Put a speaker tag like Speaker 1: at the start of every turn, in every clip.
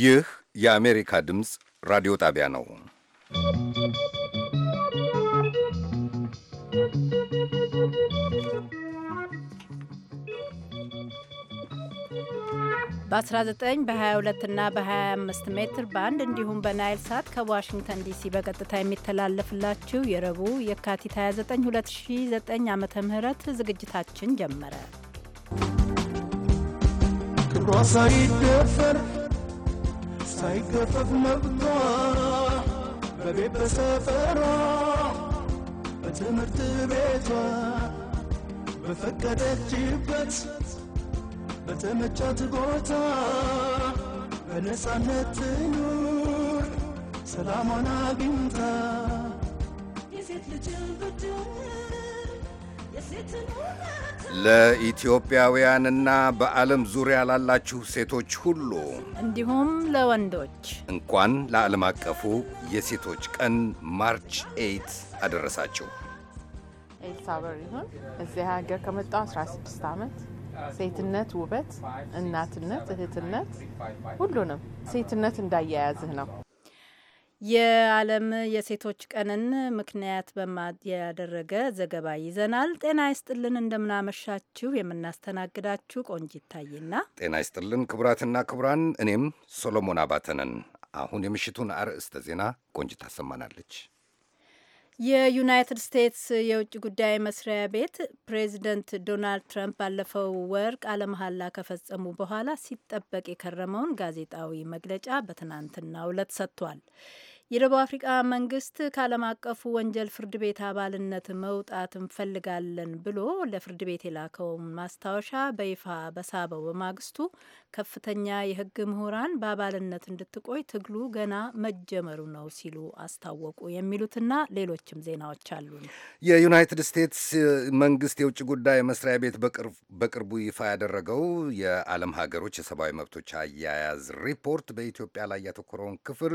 Speaker 1: ይህ የአሜሪካ ድምፅ ራዲዮ ጣቢያ ነው።
Speaker 2: በ19 በ22 እና በ25 ሜትር ባንድ እንዲሁም በናይል ሳት ከዋሽንግተን ዲሲ በቀጥታ የሚተላለፍላችሁ የረቡዕ የካቲት 29 2009 ዓመተ ዝግጅታችን ጀመረ።
Speaker 3: ክብሯ ሳይደፈር
Speaker 4: ሳይገፈፍ መብቷ በቤት በሰፈሯ በትምህርት ቤቷ በፈቀደችበት በተመቻት ቦታ በነፃነት ትኑር ሰላሟን አግኝታ
Speaker 1: የሴት ልጅ ብድር የሴትን ውበት ለኢትዮጵያውያንና በዓለም ዙሪያ ላላችሁ ሴቶች ሁሉ
Speaker 2: እንዲሁም
Speaker 5: ለወንዶች
Speaker 1: እንኳን ለዓለም አቀፉ የሴቶች ቀን ማርች ኤይት አደረሳችሁ።
Speaker 5: ኤልሳበር ይሁን እዚህ ሀገር ከመጣው 16 ዓመት ሴትነት፣ ውበት፣ እናትነት፣ እህትነት ሁሉንም ሴትነት እንዳያያዝህ ነው።
Speaker 2: የዓለም የሴቶች ቀንን ምክንያት ያደረገ ዘገባ ይዘናል። ጤና ይስጥልን፣ እንደምናመሻችሁ የምናስተናግዳችሁ ቆንጅ ይታይና፣
Speaker 1: ጤና ይስጥልን ክቡራትና ክቡራን፣ እኔም ሶሎሞን አባተነን። አሁን የምሽቱን አርዕስተ ዜና ቆንጅ ታሰማናለች።
Speaker 2: የዩናይትድ ስቴትስ የውጭ ጉዳይ መስሪያ ቤት ፕሬዚደንት ዶናልድ ትራምፕ ባለፈው ወር ቃለ መሐላ ከፈጸሙ በኋላ ሲጠበቅ የከረመውን ጋዜጣዊ መግለጫ በትናንትናው ዕለት ሰጥቷል። የደቡብ አፍሪቃ መንግስት ከዓለም አቀፉ ወንጀል ፍርድ ቤት አባልነት መውጣት እንፈልጋለን ብሎ ለፍርድ ቤት የላከውን ማስታወሻ በይፋ በሳበው በማግስቱ ከፍተኛ የህግ ምሁራን በአባልነት እንድትቆይ ትግሉ ገና መጀመሩ ነው ሲሉ አስታወቁ። የሚሉትና ሌሎችም ዜናዎች አሉ።
Speaker 1: የዩናይትድ ስቴትስ መንግስት የውጭ ጉዳይ መስሪያ ቤት በቅርቡ ይፋ ያደረገው የዓለም ሀገሮች የሰብአዊ መብቶች አያያዝ ሪፖርት በኢትዮጵያ ላይ ያተኮረውን ክፍል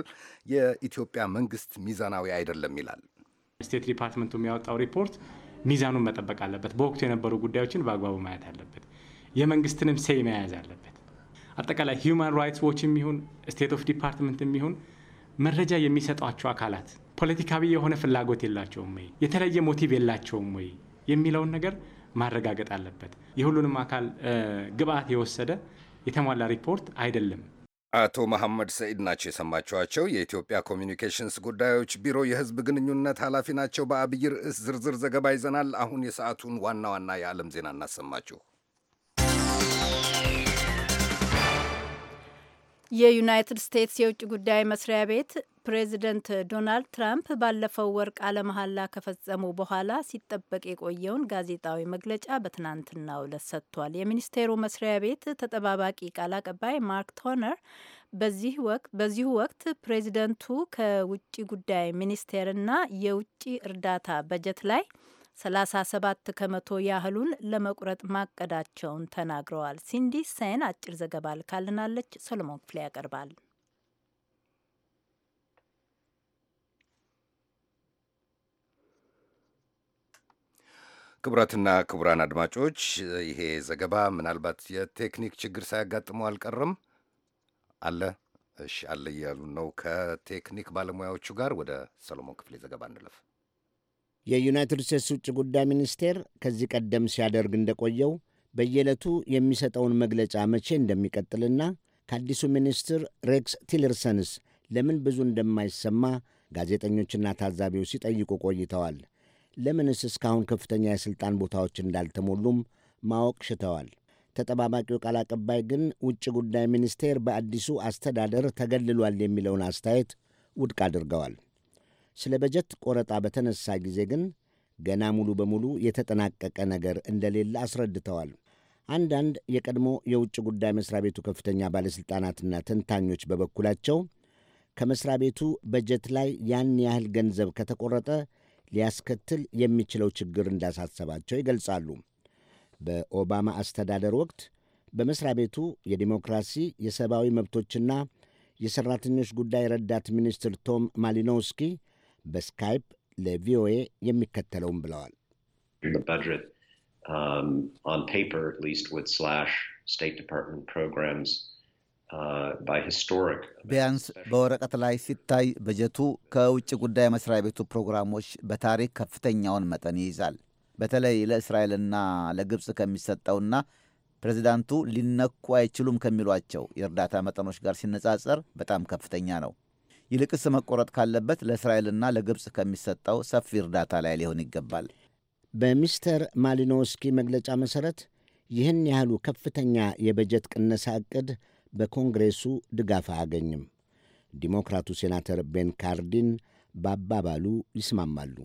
Speaker 1: የኢትዮጵያ መንግስት ሚዛናዊ አይደለም ይላል።
Speaker 6: ስቴት ዲፓርትመንቱ የሚያወጣው ሪፖርት ሚዛኑን መጠበቅ አለበት። በወቅቱ የነበሩ ጉዳዮችን በአግባቡ ማየት አለበት። የመንግስትንም ሴይ መያዝ አለበት። አጠቃላይ ሂውማን ራይትስ ዎች የሚሆን ስቴት ኦፍ ዲፓርትመንት የሚሆን መረጃ የሚሰጧቸው አካላት ፖለቲካዊ የሆነ ፍላጎት የላቸውም ወይ፣ የተለየ ሞቲቭ የላቸውም ወይ የሚለውን ነገር ማረጋገጥ አለበት። የሁሉንም አካል ግብአት የወሰደ የተሟላ
Speaker 1: ሪፖርት አይደለም። አቶ መሐመድ ሰኢድ ናቸው የሰማችኋቸው። የኢትዮጵያ ኮሚኒኬሽንስ ጉዳዮች ቢሮ የህዝብ ግንኙነት ኃላፊ ናቸው። በአብይ ርዕስ ዝርዝር ዘገባ ይዘናል። አሁን የሰዓቱን ዋና ዋና የዓለም ዜና እናሰማችሁ።
Speaker 2: የዩናይትድ ስቴትስ የውጭ ጉዳይ መስሪያ ቤት ፕሬዚደንት ዶናልድ ትራምፕ ባለፈው ወር ቃለ መሐላ ከፈጸሙ በኋላ ሲጠበቅ የቆየውን ጋዜጣዊ መግለጫ በትናንትናው ዕለት ሰጥቷል። የሚኒስቴሩ መስሪያ ቤት ተጠባባቂ ቃል አቀባይ ማርክ ቶነር በዚህ ወቅት በዚሁ ወቅት ፕሬዚደንቱ ከውጭ ጉዳይ ሚኒስቴርና የውጭ እርዳታ በጀት ላይ 37 ከመቶ ያህሉን ለመቁረጥ ማቀዳቸውን ተናግረዋል። ሲንዲ ሴን አጭር ዘገባ ልካልናለች። ሰሎሞን ክፍሌ ያቀርባል።
Speaker 1: ክቡራትና ክቡራን አድማጮች ይሄ ዘገባ ምናልባት የቴክኒክ ችግር ሳያጋጥመው አልቀርም አለ። እሺ አለ እያሉ ነው። ከቴክኒክ ባለሙያዎቹ ጋር ወደ ሰሎሞን ክፍሌ ዘገባ እንለፍ።
Speaker 7: የዩናይትድ ስቴትስ ውጭ ጉዳይ ሚኒስቴር ከዚህ ቀደም ሲያደርግ እንደቆየው በየዕለቱ የሚሰጠውን መግለጫ መቼ እንደሚቀጥልና ከአዲሱ ሚኒስትር ሬክስ ቲለርሰንስ ለምን ብዙ እንደማይሰማ ጋዜጠኞችና ታዛቢዎች ሲጠይቁ ቆይተዋል። ለምንስ እስካሁን ከፍተኛ የሥልጣን ቦታዎች እንዳልተሞሉም ማወቅ ሽተዋል። ተጠባባቂው ቃል አቀባይ ግን ውጭ ጉዳይ ሚኒስቴር በአዲሱ አስተዳደር ተገልሏል የሚለውን አስተያየት ውድቅ አድርገዋል። ስለ በጀት ቆረጣ በተነሳ ጊዜ ግን ገና ሙሉ በሙሉ የተጠናቀቀ ነገር እንደሌለ አስረድተዋል። አንዳንድ የቀድሞ የውጭ ጉዳይ መሥሪያ ቤቱ ከፍተኛ ባለሥልጣናትና ተንታኞች በበኩላቸው ከመስሪያ ቤቱ በጀት ላይ ያን ያህል ገንዘብ ከተቆረጠ ሊያስከትል የሚችለው ችግር እንዳሳሰባቸው ይገልጻሉ። በኦባማ አስተዳደር ወቅት በመሥሪያ ቤቱ የዲሞክራሲ የሰብአዊ መብቶችና የሠራተኞች ጉዳይ ረዳት ሚኒስትር ቶም ማሊኖውስኪ በስካይፕ ለቪኦኤ የሚከተለውም ብለዋል።
Speaker 8: በጀት Uh,
Speaker 9: ቢያንስ በወረቀት ላይ ሲታይ በጀቱ ከውጭ ጉዳይ መስሪያ ቤቱ ፕሮግራሞች በታሪክ ከፍተኛውን መጠን ይይዛል። በተለይ ለእስራኤልና ለግብፅ ከሚሰጠውና ፕሬዚዳንቱ ሊነኩ አይችሉም ከሚሏቸው የእርዳታ መጠኖች ጋር ሲነጻጸር በጣም ከፍተኛ ነው። ይልቅስ መቆረጥ ካለበት ለእስራኤልና ለግብፅ ከሚሰጠው ሰፊ እርዳታ ላይ ሊሆን ይገባል። በሚስተር ማሊኖውስኪ መግለጫ መሠረት
Speaker 7: ይህን ያህሉ ከፍተኛ የበጀት ቅነሳ እቅድ በኮንግሬሱ ድጋፍ አያገኝም። ዲሞክራቱ ሴናተር ቤን ካርዲን በአባባሉ ይስማማሉ።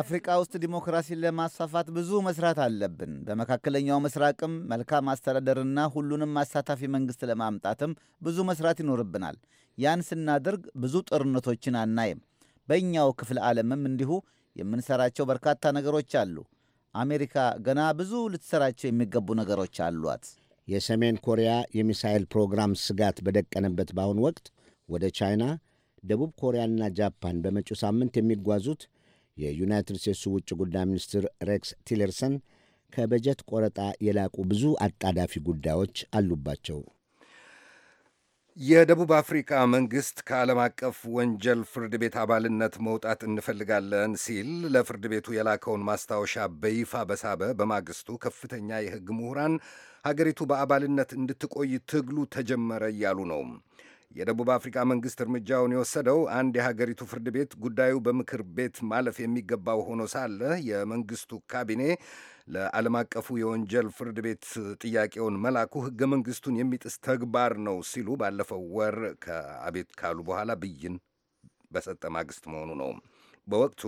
Speaker 9: አፍሪካ ውስጥ ዲሞክራሲን ለማስፋፋት ብዙ መስራት አለብን። በመካከለኛው ምስራቅም መልካም አስተዳደርና ሁሉንም አሳታፊ መንግሥት ለማምጣትም ብዙ መስራት ይኖርብናል። ያን ስናደርግ ብዙ ጦርነቶችን አናይም። በእኛው ክፍለ ዓለምም እንዲሁ የምንሰራቸው በርካታ ነገሮች አሉ። አሜሪካ ገና ብዙ ልትሰራቸው የሚገቡ ነገሮች አሏት። የሰሜን ኮሪያ የሚሳኤል ፕሮግራም
Speaker 7: ስጋት በደቀነበት በአሁኑ ወቅት ወደ ቻይና፣ ደቡብ ኮሪያና ጃፓን በመጪው ሳምንት የሚጓዙት የዩናይትድ ስቴትሱ ውጭ ጉዳይ ሚኒስትር ሬክስ ቲለርሰን ከበጀት ቆረጣ የላቁ ብዙ አጣዳፊ ጉዳዮች አሉባቸው።
Speaker 1: የደቡብ አፍሪካ መንግስት ከዓለም አቀፍ ወንጀል ፍርድ ቤት አባልነት መውጣት እንፈልጋለን ሲል ለፍርድ ቤቱ የላከውን ማስታወሻ በይፋ በሳበ በማግስቱ ከፍተኛ የህግ ምሁራን ሀገሪቱ በአባልነት እንድትቆይ ትግሉ ተጀመረ እያሉ ነው። የደቡብ አፍሪካ መንግሥት እርምጃውን የወሰደው አንድ የሀገሪቱ ፍርድ ቤት ጉዳዩ በምክር ቤት ማለፍ የሚገባው ሆኖ ሳለ የመንግስቱ ካቢኔ ለዓለም አቀፉ የወንጀል ፍርድ ቤት ጥያቄውን መላኩ ሕገ መንግሥቱን የሚጥስ ተግባር ነው ሲሉ ባለፈው ወር ከአቤት ካሉ በኋላ ብይን በሰጠ ማግስት መሆኑ ነው። በወቅቱ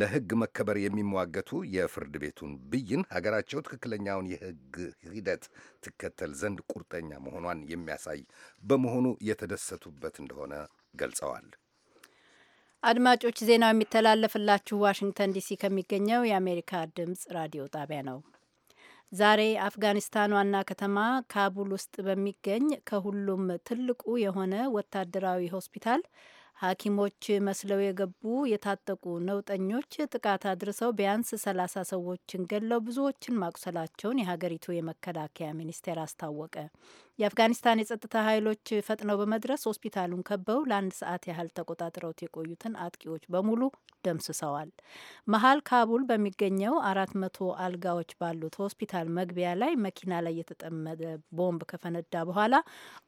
Speaker 1: ለሕግ መከበር የሚሟገቱ የፍርድ ቤቱን ብይን ሀገራቸው ትክክለኛውን የሕግ ሂደት ትከተል ዘንድ ቁርጠኛ መሆኗን የሚያሳይ በመሆኑ የተደሰቱበት እንደሆነ ገልጸዋል።
Speaker 2: አድማጮች፣ ዜናው የሚተላለፍላችሁ ዋሽንግተን ዲሲ ከሚገኘው የአሜሪካ ድምፅ ራዲዮ ጣቢያ ነው። ዛሬ አፍጋኒስታን ዋና ከተማ ካቡል ውስጥ በሚገኝ ከሁሉም ትልቁ የሆነ ወታደራዊ ሆስፒታል ሐኪሞች መስለው የገቡ የታጠቁ ነውጠኞች ጥቃት አድርሰው ቢያንስ ሰላሳ ሰዎችን ገለው ብዙዎችን ማቁሰላቸውን የሀገሪቱ የመከላከያ ሚኒስቴር አስታወቀ። የአፍጋኒስታን የጸጥታ ኃይሎች ፈጥነው በመድረስ ሆስፒታሉን ከበው ለአንድ ሰዓት ያህል ተቆጣጥረውት የቆዩትን አጥቂዎች በሙሉ ደምስሰዋል። መሀል ካቡል በሚገኘው አራት መቶ አልጋዎች ባሉት ሆስፒታል መግቢያ ላይ መኪና ላይ የተጠመደ ቦምብ ከፈነዳ በኋላ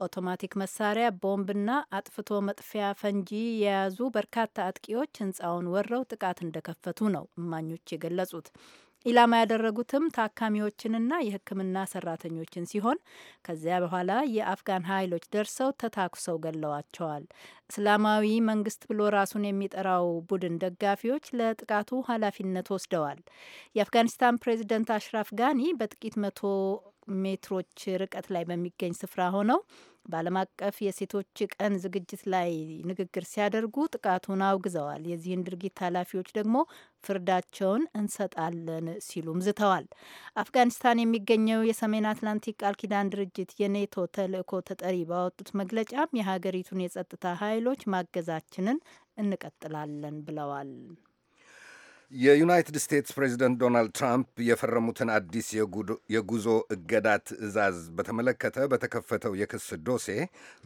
Speaker 2: አውቶማቲክ መሳሪያ፣ ቦምብና አጥፍቶ መጥፊያ ፈንጂ የያዙ በርካታ አጥቂዎች ህንፃውን ወረው ጥቃት እንደከፈቱ ነው እማኞች የገለጹት። ኢላማ ያደረጉትም ታካሚዎችንና የሕክምና ሰራተኞችን ሲሆን ከዚያ በኋላ የአፍጋን ኃይሎች ደርሰው ተታኩሰው ገለዋቸዋል። እስላማዊ መንግስት ብሎ ራሱን የሚጠራው ቡድን ደጋፊዎች ለጥቃቱ ኃላፊነት ወስደዋል። የአፍጋኒስታን ፕሬዚደንት አሽራፍ ጋኒ በጥቂት መቶ ሜትሮች ርቀት ላይ በሚገኝ ስፍራ ሆነው በዓለም አቀፍ የሴቶች ቀን ዝግጅት ላይ ንግግር ሲያደርጉ ጥቃቱን አውግዘዋል። የዚህን ድርጊት ኃላፊዎች ደግሞ ፍርዳቸውን እንሰጣለን ሲሉም ዝተዋል። አፍጋኒስታን የሚገኘው የሰሜን አትላንቲክ ቃል ኪዳን ድርጅት የኔቶ ተልእኮ ተጠሪ ባወጡት መግለጫም የሀገሪቱን የጸጥታ ኃይሎች ማገዛችንን እንቀጥላለን ብለዋል።
Speaker 1: የዩናይትድ ስቴትስ ፕሬዚደንት ዶናልድ ትራምፕ የፈረሙትን አዲስ የጉዞ እገዳ ትዕዛዝ በተመለከተ በተከፈተው የክስ ዶሴ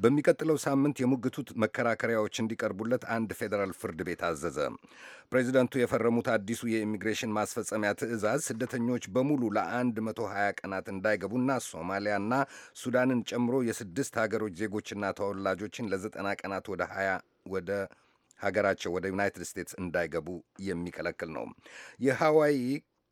Speaker 1: በሚቀጥለው ሳምንት የሙግቱ መከራከሪያዎች እንዲቀርቡለት አንድ ፌዴራል ፍርድ ቤት አዘዘ። ፕሬዚደንቱ የፈረሙት አዲሱ የኢሚግሬሽን ማስፈጸሚያ ትዕዛዝ ስደተኞች በሙሉ ለ120 ቀናት እንዳይገቡና ሶማሊያና ሱዳንን ጨምሮ የስድስት ሀገሮች ዜጎችና ተወላጆችን ለ90 ቀናት ወደ 20 ወደ ሀገራቸው ወደ ዩናይትድ ስቴትስ እንዳይገቡ የሚከለክል ነው። የሃዋይ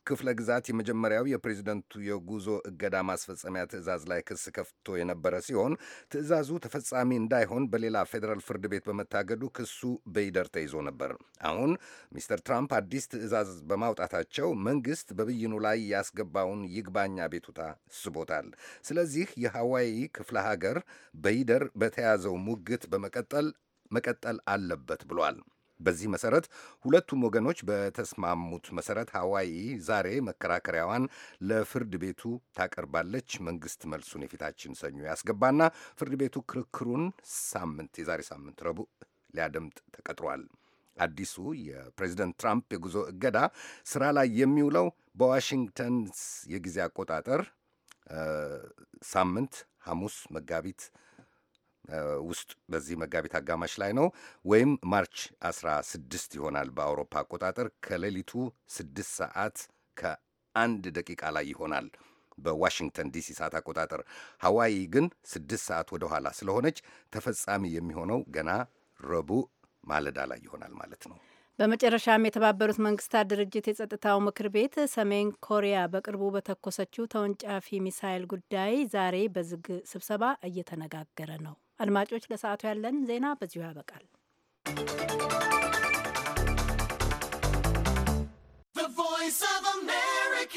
Speaker 1: ክፍለ ግዛት የመጀመሪያው የፕሬዚደንቱ የጉዞ እገዳ ማስፈጸሚያ ትዕዛዝ ላይ ክስ ከፍቶ የነበረ ሲሆን ትዕዛዙ ተፈጻሚ እንዳይሆን በሌላ ፌዴራል ፍርድ ቤት በመታገዱ ክሱ በይደር ተይዞ ነበር። አሁን ሚስተር ትራምፕ አዲስ ትዕዛዝ በማውጣታቸው መንግስት በብይኑ ላይ ያስገባውን ይግባኝ አቤቱታ ስቦታል። ስለዚህ የሃዋይ ክፍለ ሀገር በይደር በተያዘው ሙግት በመቀጠል መቀጠል አለበት ብሏል። በዚህ መሰረት ሁለቱም ወገኖች በተስማሙት መሰረት ሐዋይ ዛሬ መከራከሪያዋን ለፍርድ ቤቱ ታቀርባለች። መንግስት መልሱን የፊታችን ሰኞ ያስገባና ፍርድ ቤቱ ክርክሩን ሳምንት የዛሬ ሳምንት ረቡዕ ሊያደምጥ ተቀጥሯል። አዲሱ የፕሬዚደንት ትራምፕ የጉዞ እገዳ ስራ ላይ የሚውለው በዋሽንግተን የጊዜ አቆጣጠር ሳምንት ሐሙስ መጋቢት ውስጥ በዚህ መጋቢት አጋማሽ ላይ ነው ወይም ማርች 16 ይሆናል በአውሮፓ አቆጣጠር ከሌሊቱ 6 ሰዓት ከአንድ ደቂቃ ላይ ይሆናል በዋሽንግተን ዲሲ ሰዓት አቆጣጠር። ሐዋይ ግን 6 ሰዓት ወደ ኋላ ስለሆነች ተፈጻሚ የሚሆነው ገና ረቡዕ ማለዳ ላይ ይሆናል ማለት ነው።
Speaker 2: በመጨረሻም የተባበሩት መንግስታት ድርጅት የጸጥታው ምክር ቤት ሰሜን ኮሪያ በቅርቡ በተኮሰችው ተወንጫፊ ሚሳይል ጉዳይ ዛሬ በዝግ ስብሰባ እየተነጋገረ ነው። አድማጮች፣ ለሰዓቱ ያለን ዜና በዚሁ ያበቃል።
Speaker 4: ቮይስ ኦፍ አሜሪካ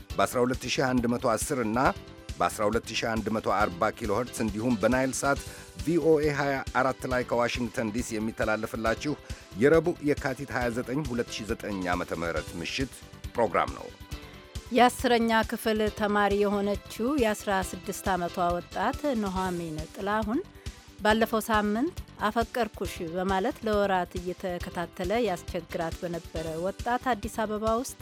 Speaker 1: በ12110 እና በ12140 ኪሎ እንዲሁም በናይል ሳት ቪኦኤ 24 ላይ ከዋሽንግተን ዲሲ የሚተላለፍላችሁ የረቡዕ የካቲት 29 2009 ዓ ም ምሽት ፕሮግራም ነው።
Speaker 2: የአስረኛ ክፍል ተማሪ የሆነችው የ16 ዓመቷ ወጣት ኑሐሚን ጥላሁን ባለፈው ሳምንት አፈቀርኩሽ በማለት ለወራት እየተከታተለ ያስቸግራት በነበረ ወጣት አዲስ አበባ ውስጥ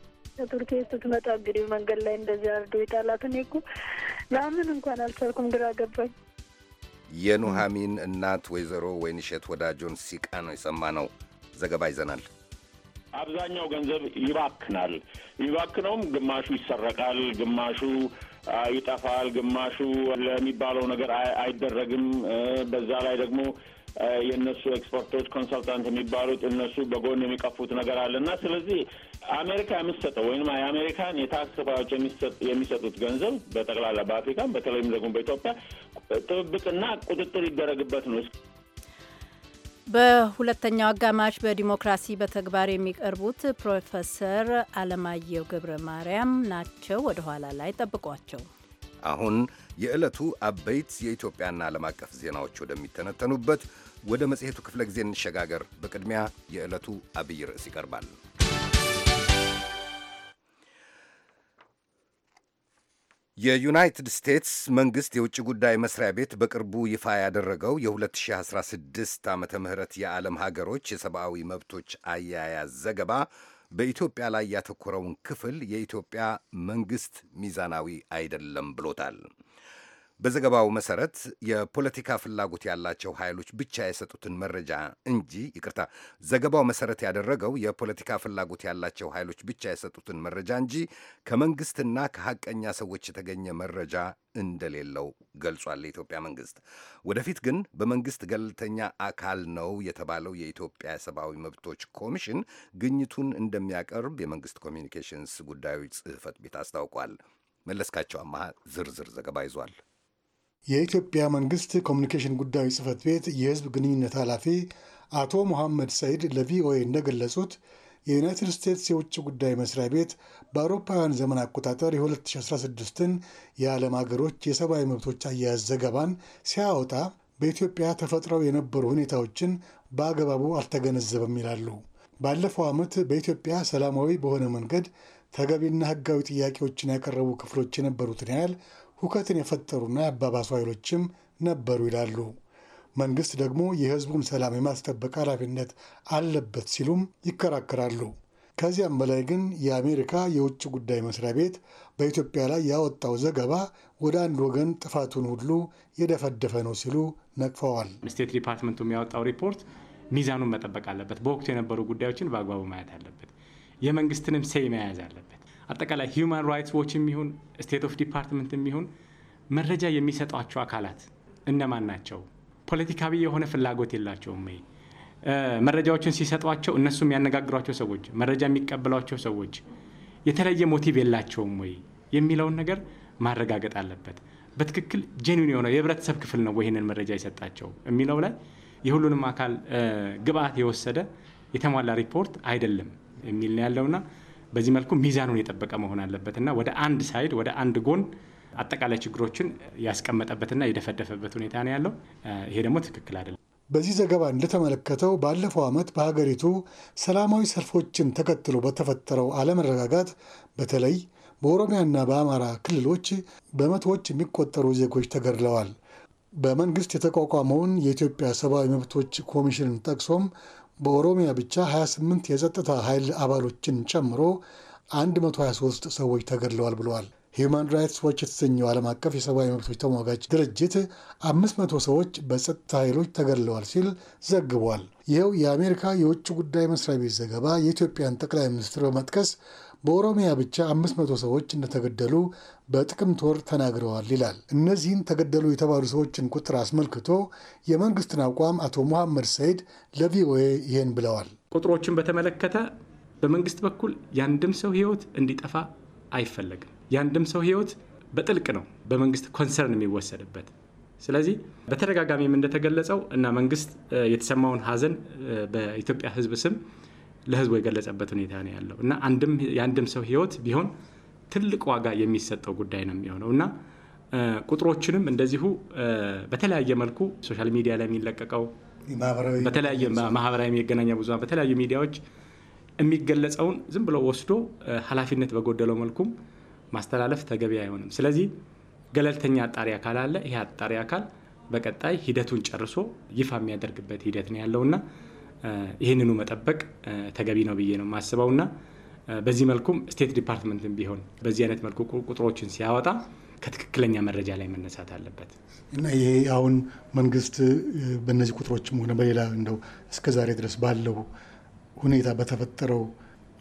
Speaker 10: ከቱርኪ ስትመጣ እንግዲህ መንገድ ላይ እንደዚህ አርዶ የጣላት። እኔ እኮ ለምን እንኳን አልቻልኩም፣ ግራ ገባኝ።
Speaker 1: የኑሃሚን እናት ወይዘሮ ወይንሸት ወዳጆን ሲቃ ነው የሰማነው። ዘገባ ይዘናል።
Speaker 11: አብዛኛው ገንዘብ ይባክናል። ይባክነውም ግማሹ ይሰረቃል፣ ግማሹ ይጠፋል፣ ግማሹ ለሚባለው ነገር አይደረግም። በዛ ላይ ደግሞ የእነሱ ኤክስፐርቶች ኮንሰልታንት የሚባሉት እነሱ በጎን የሚቀፉት ነገር አለ እና ስለዚህ አሜሪካ የምትሰጠው ወይም የአሜሪካን የታክስ ከፋዮች የሚሰጡት ገንዘብ በጠቅላላ በአፍሪካም በተለይም ደግሞ በኢትዮጵያ ጥብቅና ቁጥጥር ይደረግበት ነው።
Speaker 2: በሁለተኛው አጋማሽ በዲሞክራሲ በተግባር የሚቀርቡት ፕሮፌሰር አለማየሁ ገብረ ማርያም ናቸው። ወደ ኋላ ላይ ጠብቋቸው።
Speaker 1: አሁን የዕለቱ አበይት የኢትዮጵያና ዓለም አቀፍ ዜናዎች ወደሚተነተኑበት ወደ መጽሔቱ ክፍለ ጊዜ እንሸጋገር። በቅድሚያ የዕለቱ አብይ ርዕስ ይቀርባል። የዩናይትድ ስቴትስ መንግሥት የውጭ ጉዳይ መስሪያ ቤት በቅርቡ ይፋ ያደረገው የ2016 ዓ ም የዓለም ሀገሮች የሰብአዊ መብቶች አያያዝ ዘገባ በኢትዮጵያ ላይ ያተኮረውን ክፍል የኢትዮጵያ መንግሥት ሚዛናዊ አይደለም ብሎታል። በዘገባው መሰረት የፖለቲካ ፍላጎት ያላቸው ኃይሎች ብቻ የሰጡትን መረጃ እንጂ ይቅርታ፣ ዘገባው መሰረት ያደረገው የፖለቲካ ፍላጎት ያላቸው ኃይሎች ብቻ የሰጡትን መረጃ እንጂ ከመንግስትና ከሀቀኛ ሰዎች የተገኘ መረጃ እንደሌለው ገልጿል። የኢትዮጵያ መንግስት ወደፊት ግን በመንግስት ገለልተኛ አካል ነው የተባለው የኢትዮጵያ ሰብአዊ መብቶች ኮሚሽን ግኝቱን እንደሚያቀርብ የመንግስት ኮሚኒኬሽንስ ጉዳዮች ጽህፈት ቤት አስታውቋል። መለስካቸው አማሃ ዝርዝር ዘገባ ይዟል።
Speaker 3: የኢትዮጵያ መንግስት ኮሚኒኬሽን ጉዳዮች ጽህፈት ቤት የህዝብ ግንኙነት ኃላፊ አቶ መሐመድ ሰይድ ለቪኦኤ እንደገለጹት የዩናይትድ ስቴትስ የውጭ ጉዳይ መስሪያ ቤት በአውሮፓውያን ዘመን አቆጣጠር የ2016ን የዓለም አገሮች የሰብአዊ መብቶች አያያዝ ዘገባን ሲያወጣ በኢትዮጵያ ተፈጥረው የነበሩ ሁኔታዎችን በአግባቡ አልተገነዘበም ይላሉ። ባለፈው ዓመት በኢትዮጵያ ሰላማዊ በሆነ መንገድ ተገቢና ህጋዊ ጥያቄዎችን ያቀረቡ ክፍሎች የነበሩትን ያህል ሁከትን የፈጠሩና የአባባሱ ኃይሎችም ነበሩ ይላሉ። መንግስት ደግሞ የህዝቡን ሰላም የማስጠበቅ ኃላፊነት አለበት ሲሉም ይከራከራሉ። ከዚያም በላይ ግን የአሜሪካ የውጭ ጉዳይ መስሪያ ቤት በኢትዮጵያ ላይ ያወጣው ዘገባ ወደ አንድ ወገን ጥፋቱን ሁሉ የደፈደፈ ነው ሲሉ ነቅፈዋል።
Speaker 6: ስቴት ዲፓርትመንቱ የሚያወጣው ሪፖርት ሚዛኑን መጠበቅ አለበት። በወቅቱ የነበሩ ጉዳዮችን በአግባቡ ማየት አለበት። የመንግስትንም ሴይ መያዝ አለበት። አጠቃላይ ሂውማን ራይትስ ዎች የሚሆን ስቴት ኦፍ ዲፓርትመንት የሚሆን መረጃ የሚሰጧቸው አካላት እነማን ናቸው? ፖለቲካዊ የሆነ ፍላጎት የላቸውም ወይ? መረጃዎችን ሲሰጧቸው እነሱ የሚያነጋግሯቸው ሰዎች፣ መረጃ የሚቀበሏቸው ሰዎች የተለየ ሞቲቭ የላቸውም ወይ የሚለውን ነገር ማረጋገጥ አለበት። በትክክል ጄኒን የሆነ የህብረተሰብ ክፍል ነው ይህንን መረጃ የሰጣቸው የሚለው ላይ የሁሉንም አካል ግብአት የወሰደ የተሟላ ሪፖርት አይደለም የሚል ነው ያለውና በዚህ መልኩ ሚዛኑን የጠበቀ መሆን አለበት እና ወደ አንድ ሳይድ ወደ አንድ ጎን አጠቃላይ ችግሮችን ያስቀመጠበትና የደፈደፈበት ሁኔታ ነው ያለው። ይሄ ደግሞ ትክክል አይደለም።
Speaker 3: በዚህ ዘገባ እንደተመለከተው ባለፈው ዓመት በሀገሪቱ ሰላማዊ ሰልፎችን ተከትሎ በተፈጠረው አለመረጋጋት በተለይ በኦሮሚያና በአማራ ክልሎች በመቶዎች የሚቆጠሩ ዜጎች ተገድለዋል። በመንግስት የተቋቋመውን የኢትዮጵያ ሰብአዊ መብቶች ኮሚሽንን ጠቅሶም በኦሮሚያ ብቻ 28 የጸጥታ ኃይል አባሎችን ጨምሮ 123 ሰዎች ተገድለዋል ብለዋል። ሂዩማን ራይትስ ዎች የተሰኘው ዓለም አቀፍ የሰብአዊ መብቶች ተሟጋች ድርጅት 500 ሰዎች በጸጥታ ኃይሎች ተገድለዋል ሲል ዘግቧል። ይኸው የአሜሪካ የውጭ ጉዳይ መስሪያ ቤት ዘገባ የኢትዮጵያን ጠቅላይ ሚኒስትር በመጥቀስ በኦሮሚያ ብቻ 500 ሰዎች እንደተገደሉ በጥቅምት ወር ተናግረዋል ይላል። እነዚህን ተገደሉ የተባሉ ሰዎችን ቁጥር አስመልክቶ የመንግስትን አቋም አቶ መሐመድ ሰይድ ለቪኦኤ ይህን ብለዋል። ቁጥሮችን
Speaker 6: በተመለከተ በመንግስት በኩል የአንድም ሰው ህይወት እንዲጠፋ አይፈለግም። የአንድም ሰው ህይወት በጥልቅ ነው በመንግስት ኮንሰርን የሚወሰድበት። ስለዚህ በተደጋጋሚም እንደተገለጸው እና መንግስት የተሰማውን ሀዘን በኢትዮጵያ ህዝብ ስም ለህዝቡ የገለጸበት ሁኔታ ነው ያለው እና የአንድም ሰው ህይወት ቢሆን ትልቅ ዋጋ የሚሰጠው ጉዳይ ነው የሚሆነው እና ቁጥሮችንም እንደዚሁ በተለያየ መልኩ ሶሻል ሚዲያ ላይ የሚለቀቀው በተለያየ ማህበራዊ የመገናኛ ብዙሃን በተለያዩ ሚዲያዎች የሚገለጸውን ዝም ብሎ ወስዶ ኃላፊነት በጎደለው መልኩም ማስተላለፍ ተገቢ አይሆንም። ስለዚህ ገለልተኛ አጣሪ አካል አለ። ይህ አጣሪ አካል በቀጣይ ሂደቱን ጨርሶ ይፋ የሚያደርግበት ሂደት ነው ያለውና ይህንኑ መጠበቅ ተገቢ ነው ብዬ ነው የማስበውና በዚህ መልኩም ስቴት ዲፓርትመንትን ቢሆን በዚህ አይነት መልኩ ቁጥሮችን ሲያወጣ ከትክክለኛ መረጃ ላይ መነሳት አለበት
Speaker 3: እና ይሄ አሁን መንግስት በእነዚህ ቁጥሮችም ሆነ በሌላ እንደው እስከዛሬ ድረስ ባለው ሁኔታ በተፈጠረው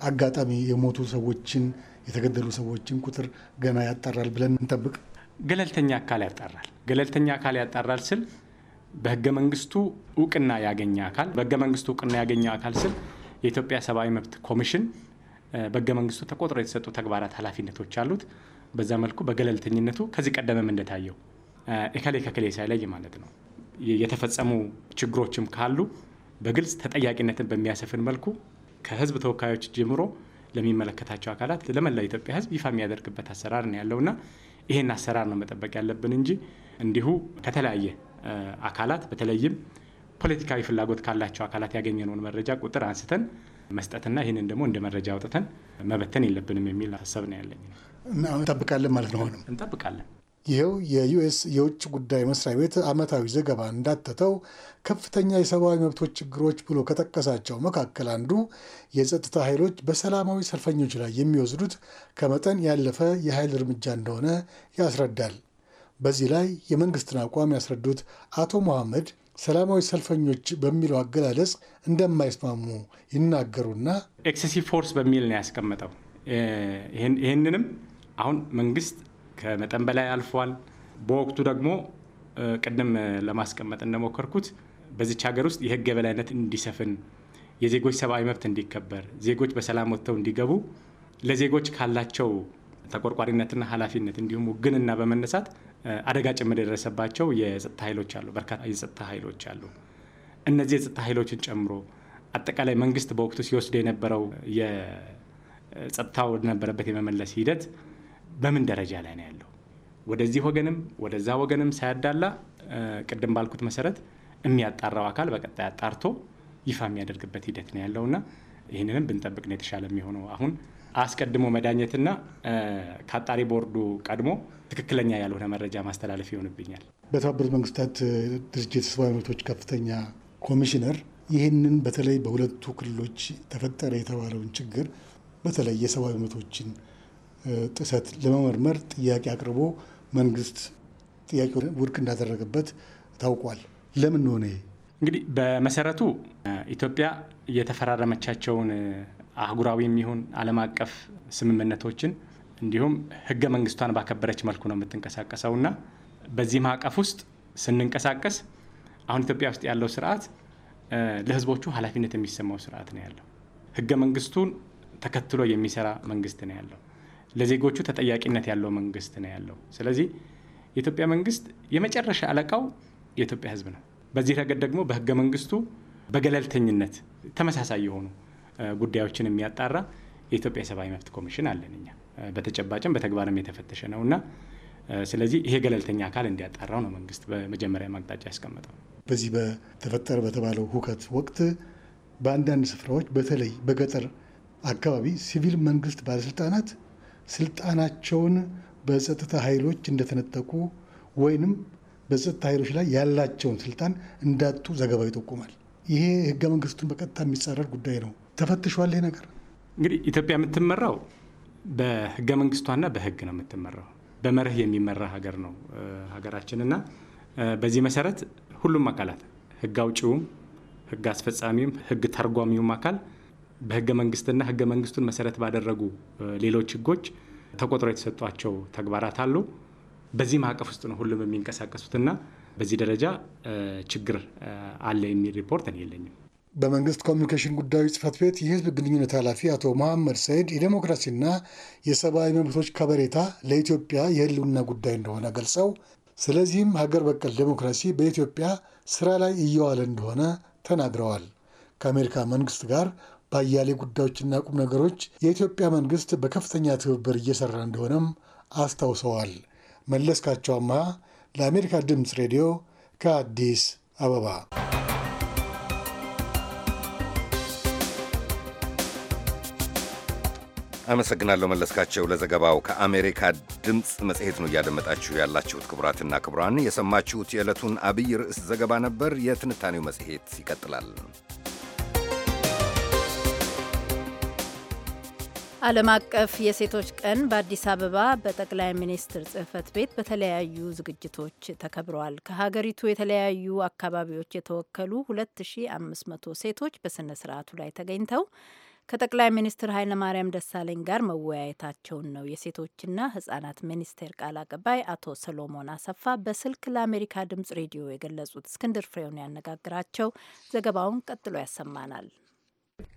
Speaker 3: አጋጣሚ የሞቱ ሰዎችን የተገደሉ ሰዎችን ቁጥር ገና ያጣራል ብለን እንጠብቅ።
Speaker 6: ገለልተኛ አካል ያጣራል። ገለልተኛ አካል ያጣራል ስል በህገ መንግስቱ እውቅና ያገኘ አካል በህገ መንግስቱ እውቅና ያገኘ አካል ስል የኢትዮጵያ ሰብአዊ መብት ኮሚሽን በህገ መንግስቱ ተቆጥሮ የተሰጡ ተግባራት ኃላፊነቶች አሉት። በዛ መልኩ በገለልተኝነቱ ከዚህ ቀደመም እንደታየው እከሌ ከከሌ ሳይለይ ማለት ነው የተፈጸሙ ችግሮችም ካሉ በግልጽ ተጠያቂነትን በሚያሰፍን መልኩ ከህዝብ ተወካዮች ጀምሮ ለሚመለከታቸው አካላት ለመላው ኢትዮጵያ ህዝብ ይፋ የሚያደርግበት አሰራር ነው ያለውና ይህን አሰራር ነው መጠበቅ ያለብን እንጂ እንዲሁ ከተለያየ አካላት በተለይም ፖለቲካዊ ፍላጎት ካላቸው አካላት ያገኘነውን መረጃ ቁጥር አንስተን መስጠትና ይህንን ደግሞ እንደ መረጃ አውጥተን መበተን የለብንም የሚል ሀሳብ ነው ያለኝ።
Speaker 3: እንጠብቃለን ማለት ነው። ሆንም እንጠብቃለን። ይኸው የዩኤስ የውጭ ጉዳይ መስሪያ ቤት ዓመታዊ ዘገባ እንዳተተው ከፍተኛ የሰብአዊ መብቶች ችግሮች ብሎ ከጠቀሳቸው መካከል አንዱ የጸጥታ ኃይሎች በሰላማዊ ሰልፈኞች ላይ የሚወስዱት ከመጠን ያለፈ የኃይል እርምጃ እንደሆነ ያስረዳል። በዚህ ላይ የመንግስትን አቋም ያስረዱት አቶ መሐመድ ሰላማዊ ሰልፈኞች በሚለው አገላለጽ እንደማይስማሙ ይናገሩና
Speaker 6: ኤክሴሲቭ ፎርስ በሚል ነው ያስቀመጠው። ይህንንም አሁን መንግስት ከመጠን በላይ አልፏል። በወቅቱ ደግሞ ቅድም ለማስቀመጥ እንደሞከርኩት በዚች ሀገር ውስጥ የህግ የበላይነት እንዲሰፍን፣ የዜጎች ሰብአዊ መብት እንዲከበር፣ ዜጎች በሰላም ወጥተው እንዲገቡ ለዜጎች ካላቸው ተቆርቋሪነትና ኃላፊነት እንዲሁም ውግንና በመነሳት አደጋ ጭምር የደረሰባቸው የጸጥታ ኃይሎች አሉ፣ በርካታ የጸጥታ ኃይሎች አሉ። እነዚህ የጸጥታ ኃይሎችን ጨምሮ አጠቃላይ መንግስት በወቅቱ ሲወስድ የነበረው የጸጥታ ወደነበረበት የመመለስ ሂደት በምን ደረጃ ላይ ነው ያለው? ወደዚህ ወገንም ወደዛ ወገንም ሳያዳላ ቅድም ባልኩት መሰረት የሚያጣራው አካል በቀጣይ አጣርቶ ይፋ የሚያደርግበት ሂደት ነው ያለውና ይህንንም ብንጠብቅ ነው የተሻለ የሚሆነው አሁን አስቀድሞ መዳኘትና ከአጣሪ ቦርዱ ቀድሞ ትክክለኛ ያልሆነ መረጃ ማስተላለፍ ይሆንብኛል።
Speaker 3: በተባበሩት መንግስታት ድርጅት ሰብአዊ መብቶች ከፍተኛ ኮሚሽነር ይህንን በተለይ በሁለቱ ክልሎች ተፈጠረ የተባለውን ችግር በተለይ የሰብአዊ መብቶችን ጥሰት ለመመርመር ጥያቄ አቅርቦ መንግስት ጥያቄውን ውድቅ እንዳደረገበት ታውቋል። ለምን ሆነ?
Speaker 6: እንግዲህ በመሰረቱ ኢትዮጵያ የተፈራረመቻቸውን አህጉራዊ የሚሆን ዓለም አቀፍ ስምምነቶችን እንዲሁም ህገ መንግስቷን ባከበረች መልኩ ነው የምትንቀሳቀሰው እና በዚህ ማዕቀፍ ውስጥ ስንንቀሳቀስ አሁን ኢትዮጵያ ውስጥ ያለው ስርዓት ለህዝቦቹ ኃላፊነት የሚሰማው ስርዓት ነው ያለው። ህገ መንግስቱን ተከትሎ የሚሰራ መንግስት ነው ያለው። ለዜጎቹ ተጠያቂነት ያለው መንግስት ነው ያለው። ስለዚህ የኢትዮጵያ መንግስት የመጨረሻ አለቃው የኢትዮጵያ ህዝብ ነው። በዚህ ረገድ ደግሞ በህገ መንግስቱ በገለልተኝነት ተመሳሳይ የሆኑ ጉዳዮችን የሚያጣራ የኢትዮጵያ የሰብአዊ መብት ኮሚሽን አለን እኛ በተጨባጭም በተግባርም የተፈተሸ ነው እና ስለዚህ ይሄ ገለልተኛ አካል እንዲያጣራው ነው መንግስት በመጀመሪያ ማቅጣጫ ያስቀመጠው።
Speaker 3: በዚህ በተፈጠረ በተባለው ሁከት ወቅት በአንዳንድ ስፍራዎች በተለይ በገጠር አካባቢ ሲቪል መንግስት ባለስልጣናት ስልጣናቸውን በጸጥታ ኃይሎች እንደተነጠቁ ወይንም በጸጥታ ኃይሎች ላይ ያላቸውን ስልጣን እንዳጡ ዘገባው ይጠቁማል። ይሄ ህገ መንግስቱን በቀጥታ የሚጻረር ጉዳይ ነው። ተፈትሿል። ይሄ ነገር
Speaker 6: እንግዲህ ኢትዮጵያ የምትመራው በህገ መንግስቷና በህግ ነው የምትመራው። በመርህ የሚመራ ሀገር ነው እና በዚህ መሰረት ሁሉም አካላት ህግ አውጪውም፣ ህግ አስፈጻሚውም፣ ህግ ተርጓሚውም አካል በህገ መንግስትና ህገ መንግስቱን መሰረት ባደረጉ ሌሎች ህጎች ተቆጥሮ የተሰጧቸው ተግባራት አሉ። በዚህ ማዕቀፍ ውስጥ ነው ሁሉም የሚንቀሳቀሱትና በዚህ ደረጃ ችግር አለ የሚል ሪፖርት እኔ የለኝም።
Speaker 3: በመንግስት ኮሚኒኬሽን ጉዳዮች ጽህፈት ቤት የህዝብ ግንኙነት ኃላፊ አቶ መሐመድ ሰይድ የዴሞክራሲና የሰብአዊ መብቶች ከበሬታ ለኢትዮጵያ የህልውና ጉዳይ እንደሆነ ገልጸው ስለዚህም ሀገር በቀል ዴሞክራሲ በኢትዮጵያ ስራ ላይ እየዋለ እንደሆነ ተናግረዋል። ከአሜሪካ መንግስት ጋር በአያሌ ጉዳዮችና ቁም ነገሮች የኢትዮጵያ መንግስት በከፍተኛ ትብብር እየሰራ እንደሆነም አስታውሰዋል። መለስካቸው አምሃ ለአሜሪካ ድምፅ ሬዲዮ ከአዲስ አበባ
Speaker 1: አመሰግናለሁ መለስካቸው ለዘገባው። ከአሜሪካ ድምፅ መጽሔት ነው እያደመጣችሁ ያላችሁት። ክቡራትና ክቡራን የሰማችሁት የዕለቱን አብይ ርዕስ ዘገባ ነበር። የትንታኔው መጽሔት ይቀጥላል።
Speaker 2: ዓለም አቀፍ የሴቶች ቀን በአዲስ አበባ በጠቅላይ ሚኒስትር ጽህፈት ቤት በተለያዩ ዝግጅቶች ተከብረዋል። ከሀገሪቱ የተለያዩ አካባቢዎች የተወከሉ 2500 ሴቶች በሥነ ሥርዓቱ ላይ ተገኝተው ከጠቅላይ ሚኒስትር ኃይለማርያም ደሳለኝ ጋር መወያየታቸውን ነው የሴቶችና ህጻናት ሚኒስቴር ቃል አቀባይ አቶ ሰሎሞን አሰፋ በስልክ ለአሜሪካ ድምጽ ሬዲዮ የገለጹት። እስክንድር ፍሬውን ያነጋግራቸው ዘገባውን ቀጥሎ ያሰማናል።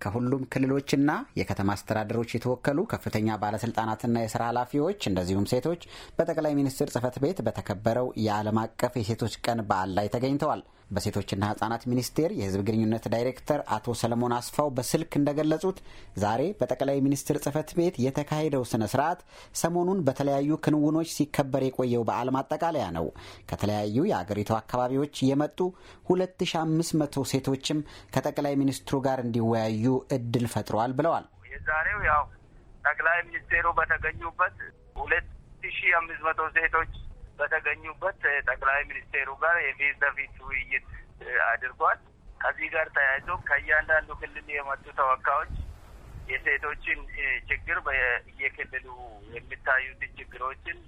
Speaker 12: ከሁሉም ክልሎችና የከተማ አስተዳደሮች የተወከሉ ከፍተኛ ባለስልጣናትና የስራ ኃላፊዎች እንደዚሁም ሴቶች በጠቅላይ ሚኒስትር ጽህፈት ቤት በተከበረው የዓለም አቀፍ የሴቶች ቀን በዓል ላይ ተገኝተዋል። በሴቶችና ህጻናት ሚኒስቴር የህዝብ ግንኙነት ዳይሬክተር አቶ ሰለሞን አስፋው በስልክ እንደገለጹት ዛሬ በጠቅላይ ሚኒስትር ጽህፈት ቤት የተካሄደው ስነ ስርዓት ሰሞኑን በተለያዩ ክንውኖች ሲከበር የቆየው በዓል ማጠቃለያ ነው። ከተለያዩ የአገሪቱ አካባቢዎች የመጡ 2500 ሴቶችም ከጠቅላይ ሚኒስትሩ ጋር እንዲወያዩ እንዲወያዩ እድል ፈጥረዋል ብለዋል።
Speaker 4: የዛሬው ያው ጠቅላይ ሚኒስቴሩ በተገኙበት ሁለት ሺ አምስት መቶ ሴቶች በተገኙበት ጠቅላይ ሚኒስቴሩ ጋር የፊት ለፊት ውይይት አድርጓል። ከዚህ ጋር ተያይዞ ከእያንዳንዱ ክልል የመጡ ተወካዮች የሴቶችን ችግር በየክልሉ የሚታዩትን ችግሮችን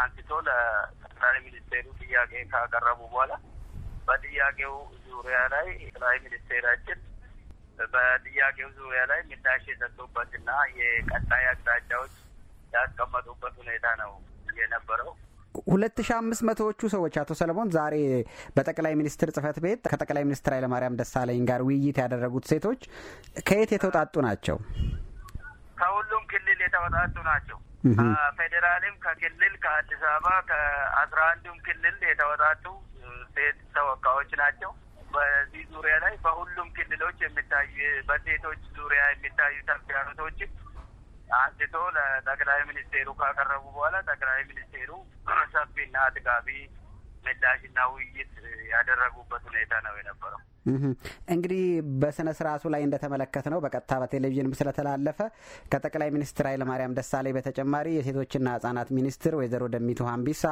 Speaker 4: አንስቶ ለጠቅላይ ሚኒስቴሩ ጥያቄ ካቀረቡ በኋላ በጥያቄው ዙሪያ ላይ ጠቅላይ ሚኒስቴራችን በጥያቄው ዙሪያ ላይ ምላሽ የሰጡበትና የቀጣይ አቅጣጫዎች ያስቀመጡበት ሁኔታ ነው የነበረው።
Speaker 12: ሁለት ሺ አምስት መቶዎቹ ሰዎች አቶ ሰለሞን ዛሬ በጠቅላይ ሚኒስትር ጽህፈት ቤት ከጠቅላይ ሚኒስትር ኃይለማርያም ደሳለኝ ጋር ውይይት ያደረጉት ሴቶች ከየት የተውጣጡ ናቸው?
Speaker 4: ከሁሉም ክልል የተውጣጡ ናቸው። ከፌዴራልም፣ ከክልል፣ ከአዲስ አበባ ከአስራ አንዱም ክልል የተወጣጡ ሴት ተወካዮች ናቸው። በዚህ ዙሪያ ላይ በሁሉም ክልሎች የሚታዩ በሴቶች ዙሪያ የሚታዩ ተግዳሮቶችን አንስቶ ለጠቅላይ ሚኒስቴሩ ካቀረቡ በኋላ ጠቅላይ ሚኒስቴሩ ሰፊና አጥጋቢ ምላሽና ውይይት ያደረጉበት ሁኔታ ነው የነበረው።
Speaker 12: እንግዲህ በስነ ስርዓቱ ላይ እንደተመለከት ነው በቀጥታ በቴሌቪዥን ስለተላለፈ ከጠቅላይ ሚኒስትር ኃይለማርያም ደሳለኝ በተጨማሪ የሴቶችና ህጻናት ሚኒስትር ወይዘሮ ደሚቱ ሀምቢሳ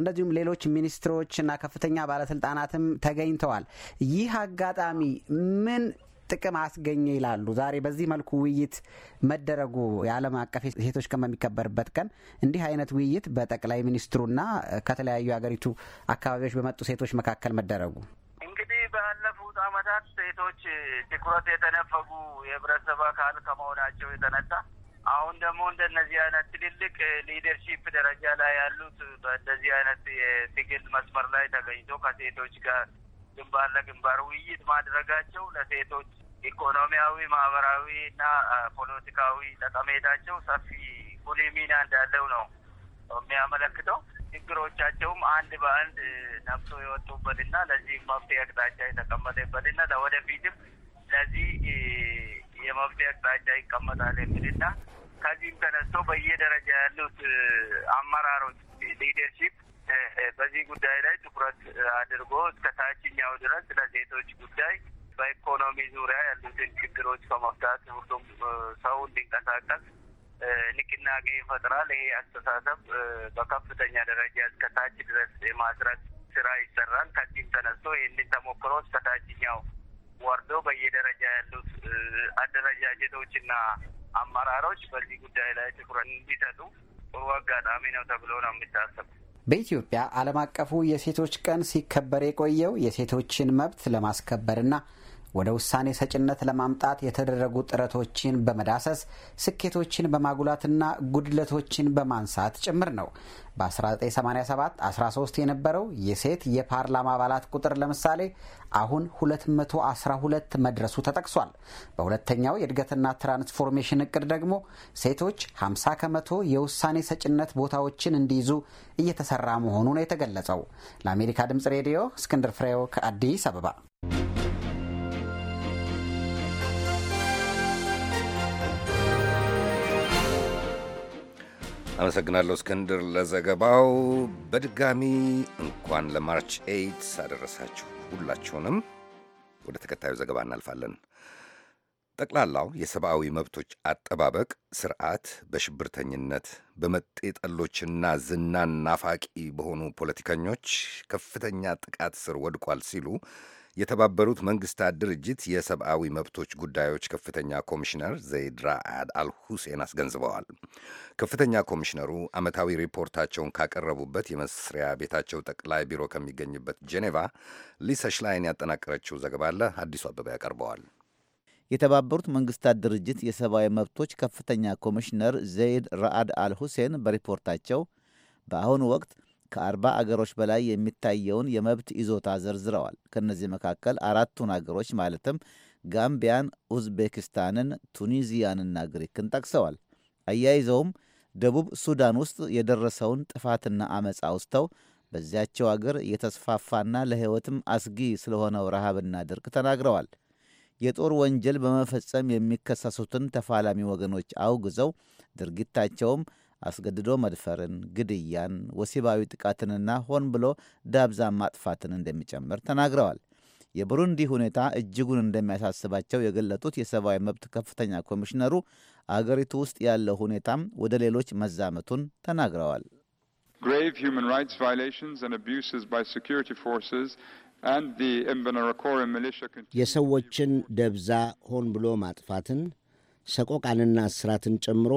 Speaker 12: እንደዚሁም ሌሎች ሚኒስትሮችና ከፍተኛ ባለስልጣናትም ተገኝተዋል። ይህ አጋጣሚ ምን ጥቅም አስገኘ ይላሉ? ዛሬ በዚህ መልኩ ውይይት መደረጉ የዓለም አቀፍ ሴቶች ቀን በሚከበርበት ቀን እንዲህ አይነት ውይይት በጠቅላይ ሚኒስትሩና ከተለያዩ የሀገሪቱ አካባቢዎች በመጡ ሴቶች መካከል መደረጉ ባለፉት ዓመታት ሴቶች
Speaker 4: ትኩረት የተነፈጉ የህብረተሰብ አካል ከመሆናቸው የተነሳ አሁን ደግሞ እንደነዚህ አይነት ትልልቅ ሊደርሺፕ ደረጃ ላይ ያሉት በእንደዚህ አይነት የትግል መስመር ላይ ተገኝቶ ከሴቶች ጋር ግንባር ለግንባር ውይይት ማድረጋቸው ለሴቶች ኢኮኖሚያዊ፣ ማህበራዊ እና ፖለቲካዊ ጠቀሜታቸው ሰፊ ጉልህ ሚና እንዳለው ነው የሚያመለክተው። ችግሮቻቸውም አንድ በአንድ ነፍሶ የወጡበትና ለዚህ መፍትሄ አቅጣጫ የተቀመጠበትና ለወደፊትም ለዚህ የመፍትሄ አቅጣጫ ይቀመጣል የሚልና ከዚህም ተነስቶ በየደረጃ ያሉት አመራሮች ሊደርሺፕ በዚህ ጉዳይ ላይ ትኩረት አድርጎ እስከ ታችኛው ድረስ ለሴቶች ጉዳይ በኢኮኖሚ ዙሪያ ያሉትን ችግሮች በመፍታት ሁሉም ሰው እንዲንቀሳቀስ ንቅናቄ ይፈጥራል። ይሄ አስተሳሰብ በከፍተኛ ደረጃ እስከ ታች ድረስ የማስረት ስራ ይሰራል። ከዚህም ተነስቶ ይህንን ተሞክሮ እስከ ታችኛው ወርዶ በየደረጃ ያሉት አደረጃጀቶችና አመራሮች በዚህ ጉዳይ ላይ ትኩረት እንዲሰጡ ጥሩ አጋጣሚ ነው ተብሎ
Speaker 10: ነው የሚታሰቡ።
Speaker 12: በኢትዮጵያ ዓለም አቀፉ የሴቶች ቀን ሲከበር የቆየው የሴቶችን መብት ለማስከበርና ወደ ውሳኔ ሰጭነት ለማምጣት የተደረጉ ጥረቶችን በመዳሰስ ስኬቶችን በማጉላትና ጉድለቶችን በማንሳት ጭምር ነው። በ1987 13 የነበረው የሴት የፓርላማ አባላት ቁጥር ለምሳሌ አሁን 212 መድረሱ ተጠቅሷል። በሁለተኛው የእድገትና ትራንስፎርሜሽን እቅድ ደግሞ ሴቶች 50 ከመቶ የውሳኔ ሰጭነት ቦታዎችን እንዲይዙ እየተሰራ መሆኑ ነው የተገለጸው። ለአሜሪካ ድምፅ ሬዲዮ እስክንድር ፍሬው ከአዲስ አበባ
Speaker 1: አመሰግናለሁ እስክንድር ለዘገባው። በድጋሚ እንኳን ለማርች ኤይት አደረሳችሁ ሁላችሁንም። ወደ ተከታዩ ዘገባ እናልፋለን። ጠቅላላው የሰብአዊ መብቶች አጠባበቅ ስርዓት በሽብርተኝነት በመጤ ጠሎችና ዝናን ናፋቂ በሆኑ ፖለቲከኞች ከፍተኛ ጥቃት ስር ወድቋል ሲሉ የተባበሩት መንግስታት ድርጅት የሰብአዊ መብቶች ጉዳዮች ከፍተኛ ኮሚሽነር ዘይድ ራአድ አልሁሴን አስገንዝበዋል። ከፍተኛ ኮሚሽነሩ ዓመታዊ ሪፖርታቸውን ካቀረቡበት የመስሪያ ቤታቸው ጠቅላይ ቢሮ ከሚገኝበት ጄኔቫ ሊሳ ሽላይን
Speaker 9: ያጠናቀረችው ዘገባ አለ አዲሱ አበባ ያቀርበዋል። የተባበሩት መንግስታት ድርጅት የሰብአዊ መብቶች ከፍተኛ ኮሚሽነር ዘይድ ራአድ አልሁሴን በሪፖርታቸው በአሁኑ ወቅት ከአርባ አገሮች በላይ የሚታየውን የመብት ይዞታ ዘርዝረዋል። ከእነዚህ መካከል አራቱን አገሮች ማለትም ጋምቢያን፣ ኡዝቤኪስታንን፣ ቱኒዚያንና ግሪክን ጠቅሰዋል። አያይዘውም ደቡብ ሱዳን ውስጥ የደረሰውን ጥፋትና አመፃ አውስተው በዚያቸው አገር የተስፋፋና ለሕይወትም አስጊ ስለሆነው ረሃብና ድርቅ ተናግረዋል። የጦር ወንጀል በመፈጸም የሚከሰሱትን ተፋላሚ ወገኖች አውግዘው ድርጊታቸውም አስገድዶ መድፈርን፣ ግድያን፣ ወሲባዊ ጥቃትንና ሆን ብሎ ዳብዛን ማጥፋትን እንደሚጨምር ተናግረዋል። የቡሩንዲ ሁኔታ እጅጉን እንደሚያሳስባቸው የገለጡት የሰብአዊ መብት ከፍተኛ ኮሚሽነሩ አገሪቱ ውስጥ ያለው ሁኔታም ወደ ሌሎች መዛመቱን ተናግረዋል። grave human rights violations and abuses by security forces and the Imbonerakure militia
Speaker 7: የሰዎችን ደብዛ ሆን ብሎ ማጥፋትን፣ ሰቆቃንና እስራትን ጨምሮ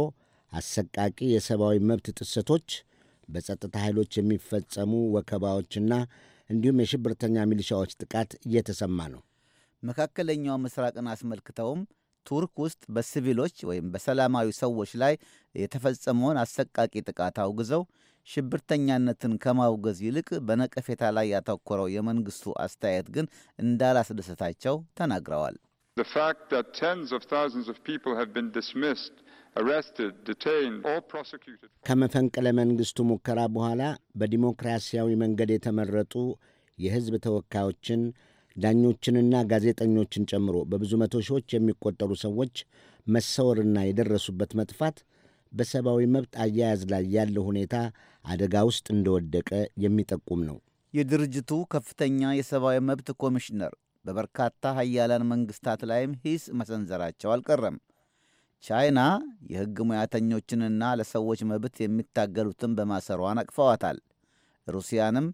Speaker 7: አሰቃቂ የሰብአዊ መብት ጥሰቶች፣ በጸጥታ ኃይሎች የሚፈጸሙ ወከባዎችና እንዲሁም የሽብርተኛ ሚሊሻዎች ጥቃት እየተሰማ ነው።
Speaker 9: መካከለኛው ምስራቅን አስመልክተውም ቱርክ ውስጥ በሲቪሎች ወይም በሰላማዊ ሰዎች ላይ የተፈጸመውን አሰቃቂ ጥቃት አውግዘው ሽብርተኛነትን ከማውገዝ ይልቅ በነቀፌታ ላይ ያተኮረው የመንግስቱ አስተያየት ግን እንዳላስደሰታቸው ተናግረዋል። ከመፈንቅለ መንግሥቱ ሙከራ
Speaker 7: በኋላ በዲሞክራሲያዊ መንገድ የተመረጡ የሕዝብ ተወካዮችን ዳኞችንና ጋዜጠኞችን ጨምሮ በብዙ መቶ ሺዎች የሚቆጠሩ ሰዎች መሰወርና የደረሱበት መጥፋት በሰብአዊ መብት አያያዝ ላይ ያለው ሁኔታ አደጋ ውስጥ እንደወደቀ የሚጠቁም ነው።
Speaker 9: የድርጅቱ ከፍተኛ የሰብአዊ መብት ኮሚሽነር በበርካታ ሀያላን መንግስታት ላይም ሂስ መሰንዘራቸው አልቀረም። ቻይና የሕግ ሙያተኞችንና ለሰዎች መብት የሚታገሉትን በማሰሯን አቅፈዋታል። ሩሲያንም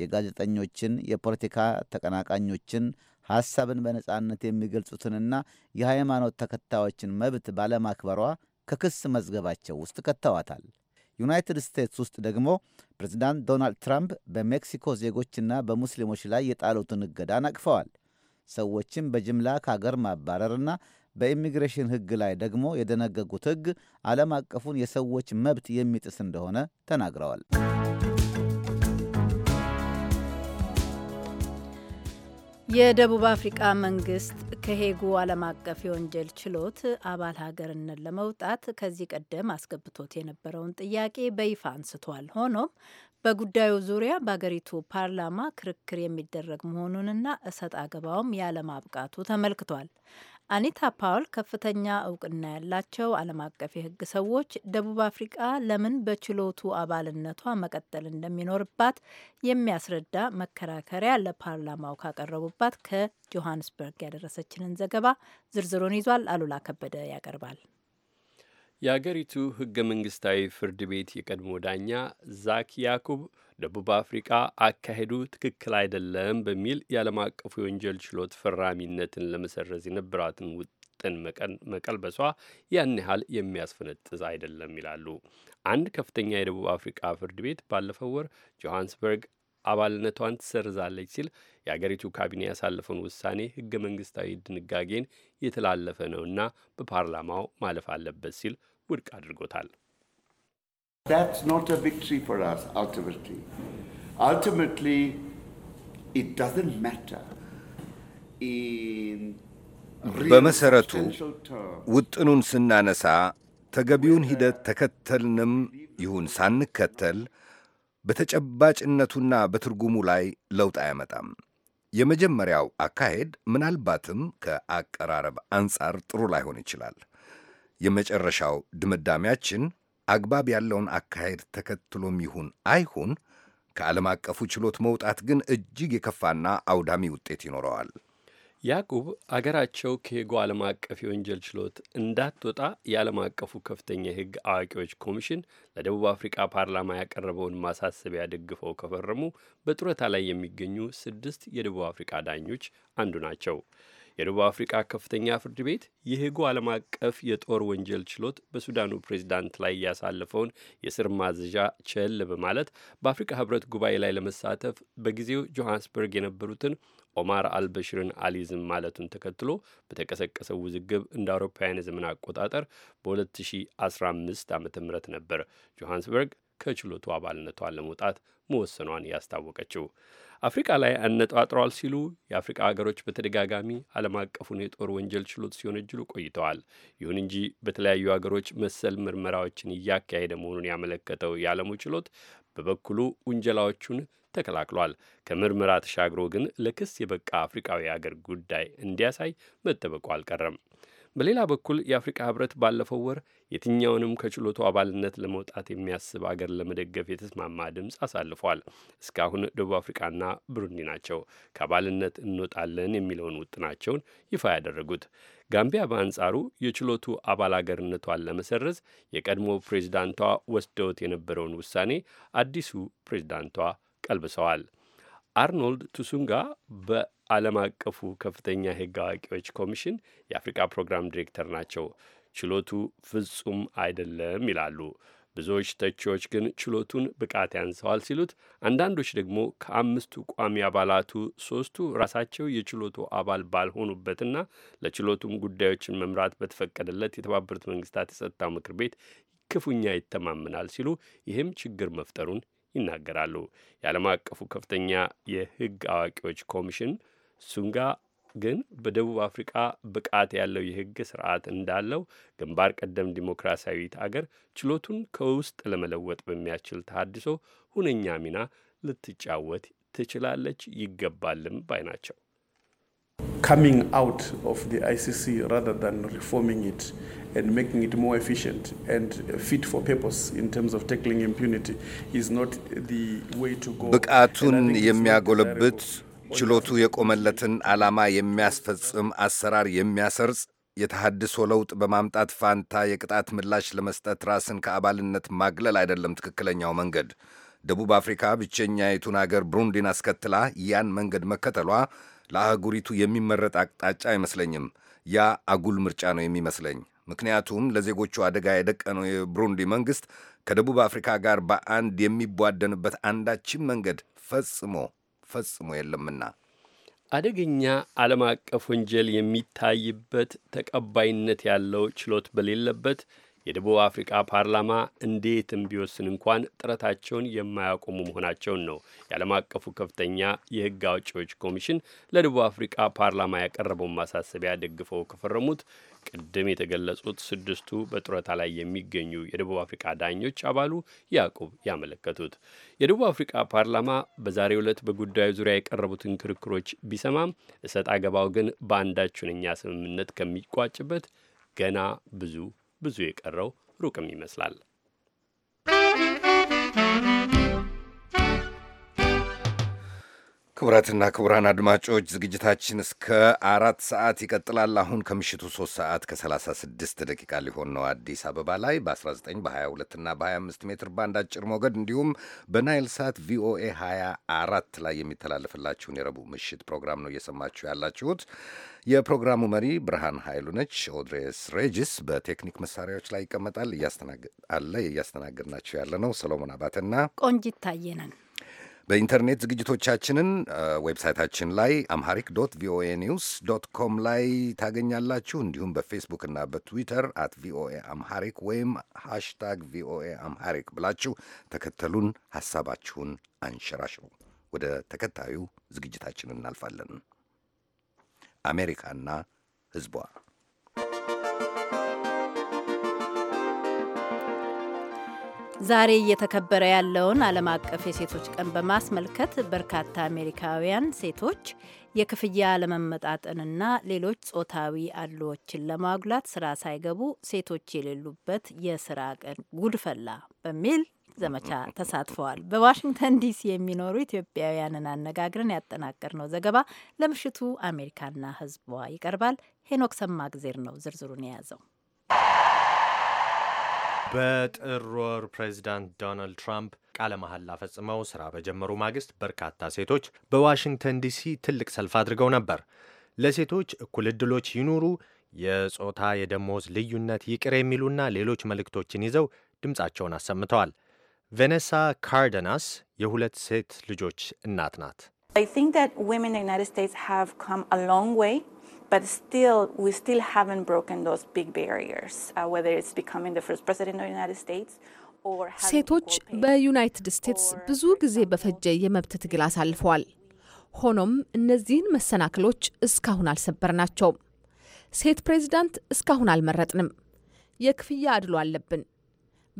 Speaker 9: የጋዜጠኞችን፣ የፖለቲካ ተቀናቃኞችን፣ ሐሳብን በነጻነት የሚገልጹትንና የሃይማኖት ተከታዮችን መብት ባለማክበሯ ከክስ መዝገባቸው ውስጥ ከተዋታል። ዩናይትድ ስቴትስ ውስጥ ደግሞ ፕሬዚዳንት ዶናልድ ትራምፕ በሜክሲኮ ዜጎችና በሙስሊሞች ላይ የጣሉትን እገዳ ነቅፈዋል። ሰዎችን በጅምላ ከአገር ማባረርና በኢሚግሬሽን ሕግ ላይ ደግሞ የደነገጉት ሕግ ዓለም አቀፉን የሰዎች መብት የሚጥስ እንደሆነ ተናግረዋል።
Speaker 2: የደቡብ አፍሪቃ መንግስት ከሄጉ ዓለም አቀፍ የወንጀል ችሎት አባል ሀገርነት ለመውጣት ከዚህ ቀደም አስገብቶት የነበረውን ጥያቄ በይፋ አንስቷል። ሆኖም በጉዳዩ ዙሪያ በአገሪቱ ፓርላማ ክርክር የሚደረግ መሆኑንና እሰጥ አገባውም ያለማብቃቱ ተመልክቷል። አኒታ ፓውል ከፍተኛ እውቅና ያላቸው ዓለም አቀፍ የሕግ ሰዎች ደቡብ አፍሪቃ ለምን በችሎቱ አባልነቷ መቀጠል እንደሚኖርባት የሚያስረዳ መከራከሪያ ለፓርላማው ካቀረቡባት ከጆሃንስበርግ ያደረሰችንን ዘገባ ዝርዝሩን ይዟል። አሉላ ከበደ ያቀርባል።
Speaker 13: የአገሪቱ ሕገ መንግስታዊ ፍርድ ቤት የቀድሞ ዳኛ ዛክ ያኩብ ደቡብ አፍሪቃ አካሄዱ ትክክል አይደለም በሚል የዓለም አቀፉ የወንጀል ችሎት ፈራሚነትን ለመሰረዝ የነበራትን ውጥን መቀልበሷ ያን ያህል የሚያስፈነጥዝ አይደለም ይላሉ። አንድ ከፍተኛ የደቡብ አፍሪቃ ፍርድ ቤት ባለፈው ወር ጆሃንስበርግ አባልነቷን ትሰርዛለች ሲል የአገሪቱ ካቢኔ ያሳለፈውን ውሳኔ ህገ መንግስታዊ ድንጋጌን የተላለፈ ነውና በፓርላማው ማለፍ አለበት ሲል ውድቅ አድርጎታል። That's not a victory for us, ultimately. Ultimately, it doesn't matter.
Speaker 9: በመሰረቱ
Speaker 1: ውጥኑን ስናነሳ ተገቢውን ሂደት ተከተልንም ይሁን ሳንከተል በተጨባጭነቱና በትርጉሙ ላይ ለውጥ አያመጣም። የመጀመሪያው አካሄድ ምናልባትም ከአቀራረብ አንጻር ጥሩ ላይሆን ይችላል። የመጨረሻው ድምዳሜያችን አግባብ ያለውን አካሄድ ተከትሎም ይሁን አይሁን ከዓለም አቀፉ ችሎት መውጣት ግን እጅግ የከፋና አውዳሚ ውጤት
Speaker 13: ይኖረዋል። ያዕቁብ አገራቸው ከሄጎ ዓለም አቀፍ የወንጀል ችሎት እንዳትወጣ የዓለም አቀፉ ከፍተኛ የሕግ አዋቂዎች ኮሚሽን ለደቡብ አፍሪካ ፓርላማ ያቀረበውን ማሳሰቢያ ደግፈው ከፈረሙ በጡረታ ላይ የሚገኙ ስድስት የደቡብ አፍሪካ ዳኞች አንዱ ናቸው። የደቡብ አፍሪቃ ከፍተኛ ፍርድ ቤት የሄጉ ዓለም አቀፍ የጦር ወንጀል ችሎት በሱዳኑ ፕሬዚዳንት ላይ ያሳለፈውን የስር ማዘዣ ቸል በማለት በአፍሪካ ህብረት ጉባኤ ላይ ለመሳተፍ በጊዜው ጆሃንስበርግ የነበሩትን ኦማር አልበሽርን አሊዝም ማለቱን ተከትሎ በተቀሰቀሰው ውዝግብ እንደ አውሮፓውያን ዘመን አቆጣጠር በ2015 ዓ ም ነበር ጆሃንስበርግ ከችሎቱ አባልነቷን ለመውጣት መወሰኗን ያስታወቀችው። አፍሪቃ ላይ አነጣጥረዋል ሲሉ የአፍሪቃ ሀገሮች በተደጋጋሚ ዓለም አቀፉን የጦር ወንጀል ችሎት ሲወነጅሉ ቆይተዋል። ይሁን እንጂ በተለያዩ ሀገሮች መሰል ምርመራዎችን እያካሄደ መሆኑን ያመለከተው የዓለሙ ችሎት በበኩሉ ውንጀላዎቹን ተከላክሏል። ከምርመራ ተሻግሮ ግን ለክስ የበቃ አፍሪቃዊ አገር ጉዳይ እንዲያሳይ መጠበቁ አልቀረም። በሌላ በኩል የአፍሪቃ ህብረት ባለፈው ወር የትኛውንም ከችሎቱ አባልነት ለመውጣት የሚያስብ አገር ለመደገፍ የተስማማ ድምፅ አሳልፏል። እስካሁን ደቡብ አፍሪቃና ብሩንዲ ናቸው ከአባልነት እንወጣለን የሚለውን ውጥናቸውን ይፋ ያደረጉት። ጋምቢያ በአንጻሩ የችሎቱ አባል አገርነቷን ለመሰረዝ የቀድሞ ፕሬዚዳንቷ ወስደውት የነበረውን ውሳኔ አዲሱ ፕሬዚዳንቷ ቀልብሰዋል። አርኖልድ ቱሱንጋ በዓለም አቀፉ ከፍተኛ ህግ አዋቂዎች ኮሚሽን የአፍሪቃ ፕሮግራም ዲሬክተር ናቸው። ችሎቱ ፍጹም አይደለም ይላሉ። ብዙዎች ተቺዎች ግን ችሎቱን ብቃት ያንሰዋል ሲሉት፣ አንዳንዶች ደግሞ ከአምስቱ ቋሚ አባላቱ ሶስቱ ራሳቸው የችሎቱ አባል ባልሆኑበትና ለችሎቱም ጉዳዮችን መምራት በተፈቀደለት የተባበሩት መንግስታት የጸጥታው ምክር ቤት ክፉኛ ይተማመናል ሲሉ ይህም ችግር መፍጠሩን ይናገራሉ። የዓለም አቀፉ ከፍተኛ የሕግ አዋቂዎች ኮሚሽን ሱንጋ ግን በደቡብ አፍሪቃ ብቃት ያለው የሕግ ስርዓት እንዳለው ግንባር ቀደም ዲሞክራሲያዊት አገር ችሎቱን ከውስጥ ለመለወጥ በሚያስችል ተሃድሶ ሁነኛ ሚና ልትጫወት ትችላለች ይገባልም ባይ ናቸው።
Speaker 3: coming out of the ICC rather than reforming it and making it more efficient and fit for purpose in terms of tackling impunity is not the way to go. ብቃቱን የሚያጎለብት ችሎቱ
Speaker 1: የቆመለትን ዓላማ የሚያስፈጽም አሰራር የሚያሰርጽ የተሃድሶ ለውጥ በማምጣት ፋንታ የቅጣት ምላሽ ለመስጠት ራስን ከአባልነት ማግለል አይደለም ትክክለኛው መንገድ። ደቡብ አፍሪካ ብቸኛይቱን አገር ብሩንዲን አስከትላ ያን መንገድ መከተሏ ለአህጉሪቱ የሚመረጥ አቅጣጫ አይመስለኝም። ያ አጉል ምርጫ ነው የሚመስለኝ። ምክንያቱም ለዜጎቹ አደጋ የደቀነው የብሩንዲ መንግሥት ከደቡብ አፍሪካ ጋር በአንድ የሚቧደንበት አንዳችም መንገድ ፈጽሞ ፈጽሞ የለምና
Speaker 13: አደገኛ ዓለም አቀፍ ወንጀል የሚታይበት ተቀባይነት ያለው ችሎት በሌለበት የደቡብ አፍሪቃ ፓርላማ እንዴትም ቢወስን እንኳን ጥረታቸውን የማያቆሙ መሆናቸውን ነው የዓለም አቀፉ ከፍተኛ የሕግ አውጪዎች ኮሚሽን ለደቡብ አፍሪቃ ፓርላማ ያቀረበውን ማሳሰቢያ ደግፈው ከፈረሙት ቅድም የተገለጹት ስድስቱ በጡረታ ላይ የሚገኙ የደቡብ አፍሪቃ ዳኞች አባሉ ያዕቁብ ያመለከቱት የደቡብ አፍሪቃ ፓርላማ በዛሬ ዕለት በጉዳዩ ዙሪያ የቀረቡትን ክርክሮች ቢሰማም እሰጥ አገባው ግን በአንዳች ሁነኛ ስምምነት ከሚቋጭበት ገና ብዙ ብዙ የቀረው ሩቅም ይመስላል።
Speaker 1: ክቡራትና ክቡራን አድማጮች ዝግጅታችን እስከ አራት ሰዓት ይቀጥላል። አሁን ከምሽቱ ሶስት ሰዓት ከ36 ደቂቃ ሊሆን ነው አዲስ አበባ ላይ በ19 በ22 እና በ25 ሜትር ባንድ አጭር ሞገድ እንዲሁም በናይል ሳት ቪኦኤ 24 ላይ የሚተላለፍላችሁን የረቡዕ ምሽት ፕሮግራም ነው እየሰማችሁ ያላችሁት። የፕሮግራሙ መሪ ብርሃን ኃይሉ ነች። ኦድሬስ ሬጅስ በቴክኒክ መሳሪያዎች ላይ ይቀመጣል። አለ እያስተናገድናችሁ ያለ ነው ሰሎሞን አባተና ቆንጂት ታየነን። በኢንተርኔት ዝግጅቶቻችንን ዌብሳይታችን ላይ አምሃሪክ ዶት ቪኦኤ ኒውስ ዶት ኮም ላይ ታገኛላችሁ። እንዲሁም በፌስቡክና በትዊተር አት ቪኦኤ አምሃሪክ ወይም ሃሽታግ ቪኦኤ አምሃሪክ ብላችሁ ተከተሉን፣ ሐሳባችሁን አንሸራሽሩ። ወደ ተከታዩ ዝግጅታችን እናልፋለን። አሜሪካና ሕዝቧ
Speaker 2: ዛሬ እየተከበረ ያለውን ዓለም አቀፍ የሴቶች ቀን በማስመልከት በርካታ አሜሪካውያን ሴቶች የክፍያ አለመመጣጠንና ሌሎች ጾታዊ አድልዎችን ለማጉላት ስራ ሳይገቡ ሴቶች የሌሉበት የስራ ቀን ጉድፈላ በሚል ዘመቻ ተሳትፈዋል። በዋሽንግተን ዲሲ የሚኖሩ ኢትዮጵያውያንን አነጋግረን ያጠናቀርነው ዘገባ ለምሽቱ አሜሪካና ሕዝቧ ይቀርባል። ሄኖክ ሰማግዜር ነው ዝርዝሩን የያዘው።
Speaker 8: በጥር ወር ፕሬዚዳንት ዶናልድ ትራምፕ ቃለ መሐላ ፈጽመው ስራ በጀመሩ ማግስት በርካታ ሴቶች በዋሽንግተን ዲሲ ትልቅ ሰልፍ አድርገው ነበር። ለሴቶች እኩል ዕድሎች ይኑሩ፣ የጾታ የደሞዝ ልዩነት ይቅር የሚሉና ሌሎች መልእክቶችን ይዘው ድምፃቸውን አሰምተዋል። ቬኔሳ ካርደናስ የሁለት ሴት ልጆች እናት ናት።
Speaker 2: but still, we still haven't broken those big barriers, uh, whether it's becoming the first president of the United States
Speaker 14: ሴቶች በዩናይትድ ስቴትስ ብዙ ጊዜ በፈጀ የመብት ትግል አሳልፈዋል። ሆኖም እነዚህን መሰናክሎች እስካሁን አልሰበርናቸውም። ሴት ፕሬዚዳንት እስካሁን አልመረጥንም። የክፍያ አድሎ አለብን።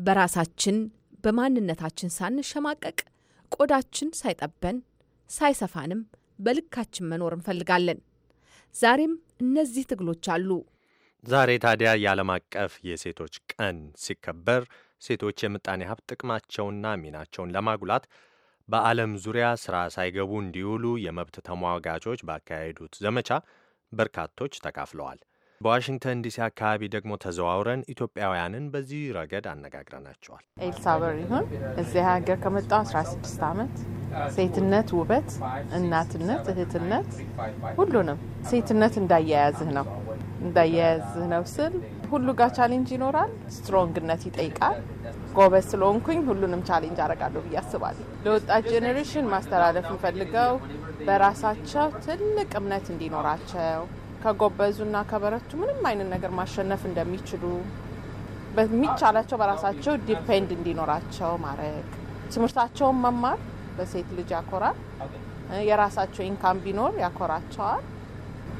Speaker 14: በራሳችን በማንነታችን ሳንሸማቀቅ፣ ቆዳችን ሳይጠበን ሳይሰፋንም በልካችን መኖር እንፈልጋለን። ዛሬም እነዚህ ትግሎች አሉ።
Speaker 8: ዛሬ ታዲያ የዓለም አቀፍ የሴቶች ቀን ሲከበር ሴቶች የምጣኔ ሀብት ጥቅማቸውና ሚናቸውን ለማጉላት በዓለም ዙሪያ ሥራ ሳይገቡ እንዲውሉ የመብት ተሟጋቾች ባካሄዱት ዘመቻ በርካቶች ተካፍለዋል። በዋሽንግተን ዲሲ አካባቢ ደግሞ ተዘዋውረን ኢትዮጵያውያንን በዚህ ረገድ አነጋግረናቸዋል።
Speaker 5: ኤልሳበር ይሁን እዚህ ሀገር ከመጣው 16 ዓመት ሴትነት፣ ውበት፣ እናትነት፣ እህትነት፣ ሁሉንም ሴትነት እንዳያያዝህ ነው እንዳያያዝህ ነው ስል ሁሉ ጋር ቻሌንጅ ይኖራል። ስትሮንግነት ይጠይቃል። ጎበዝ ስለሆንኩኝ ሁሉንም ቻሌንጅ አደርጋለሁ ብዬ አስባለሁ። ለወጣት ጄኔሬሽን ማስተላለፍ እንፈልገው በራሳቸው ትልቅ እምነት እንዲኖራቸው ከጎበዙና ከበረቱ ምንም አይነት ነገር ማሸነፍ እንደሚችሉ በሚቻላቸው በራሳቸው ዲፔንድ እንዲኖራቸው ማድረግ፣ ትምህርታቸውን መማር በሴት ልጅ ያኮራል። የራሳቸው ኢንካም ቢኖር ያኮራቸዋል።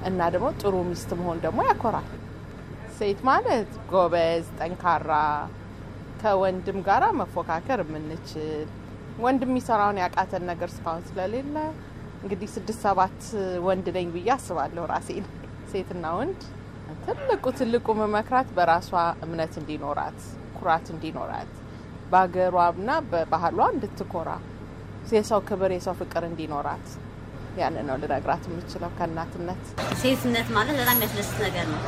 Speaker 5: እና ደግሞ ጥሩ ሚስት መሆን ደግሞ ያኮራል። ሴት ማለት ጎበዝ፣ ጠንካራ፣ ከወንድም ጋራ መፎካከር የምንችል ወንድም የሚሰራውን ያቃተን ነገር እስካሁን ስለሌለ እንግዲህ ስድስት ሰባት ወንድ ነኝ ብዬ አስባለሁ ራሴ ነው። ሴትና ወንድ ትልቁ ትልቁ መመክራት በራሷ እምነት እንዲኖራት ኩራት እንዲኖራት በሀገሯና በባህሏ እንድትኮራ የሰው ክብር የሰው ፍቅር እንዲኖራት ያን ነው ልነግራት የምችለው። ከእናትነት
Speaker 12: ሴትነት ማለት በጣም የሚያስደስት ነገር ነው።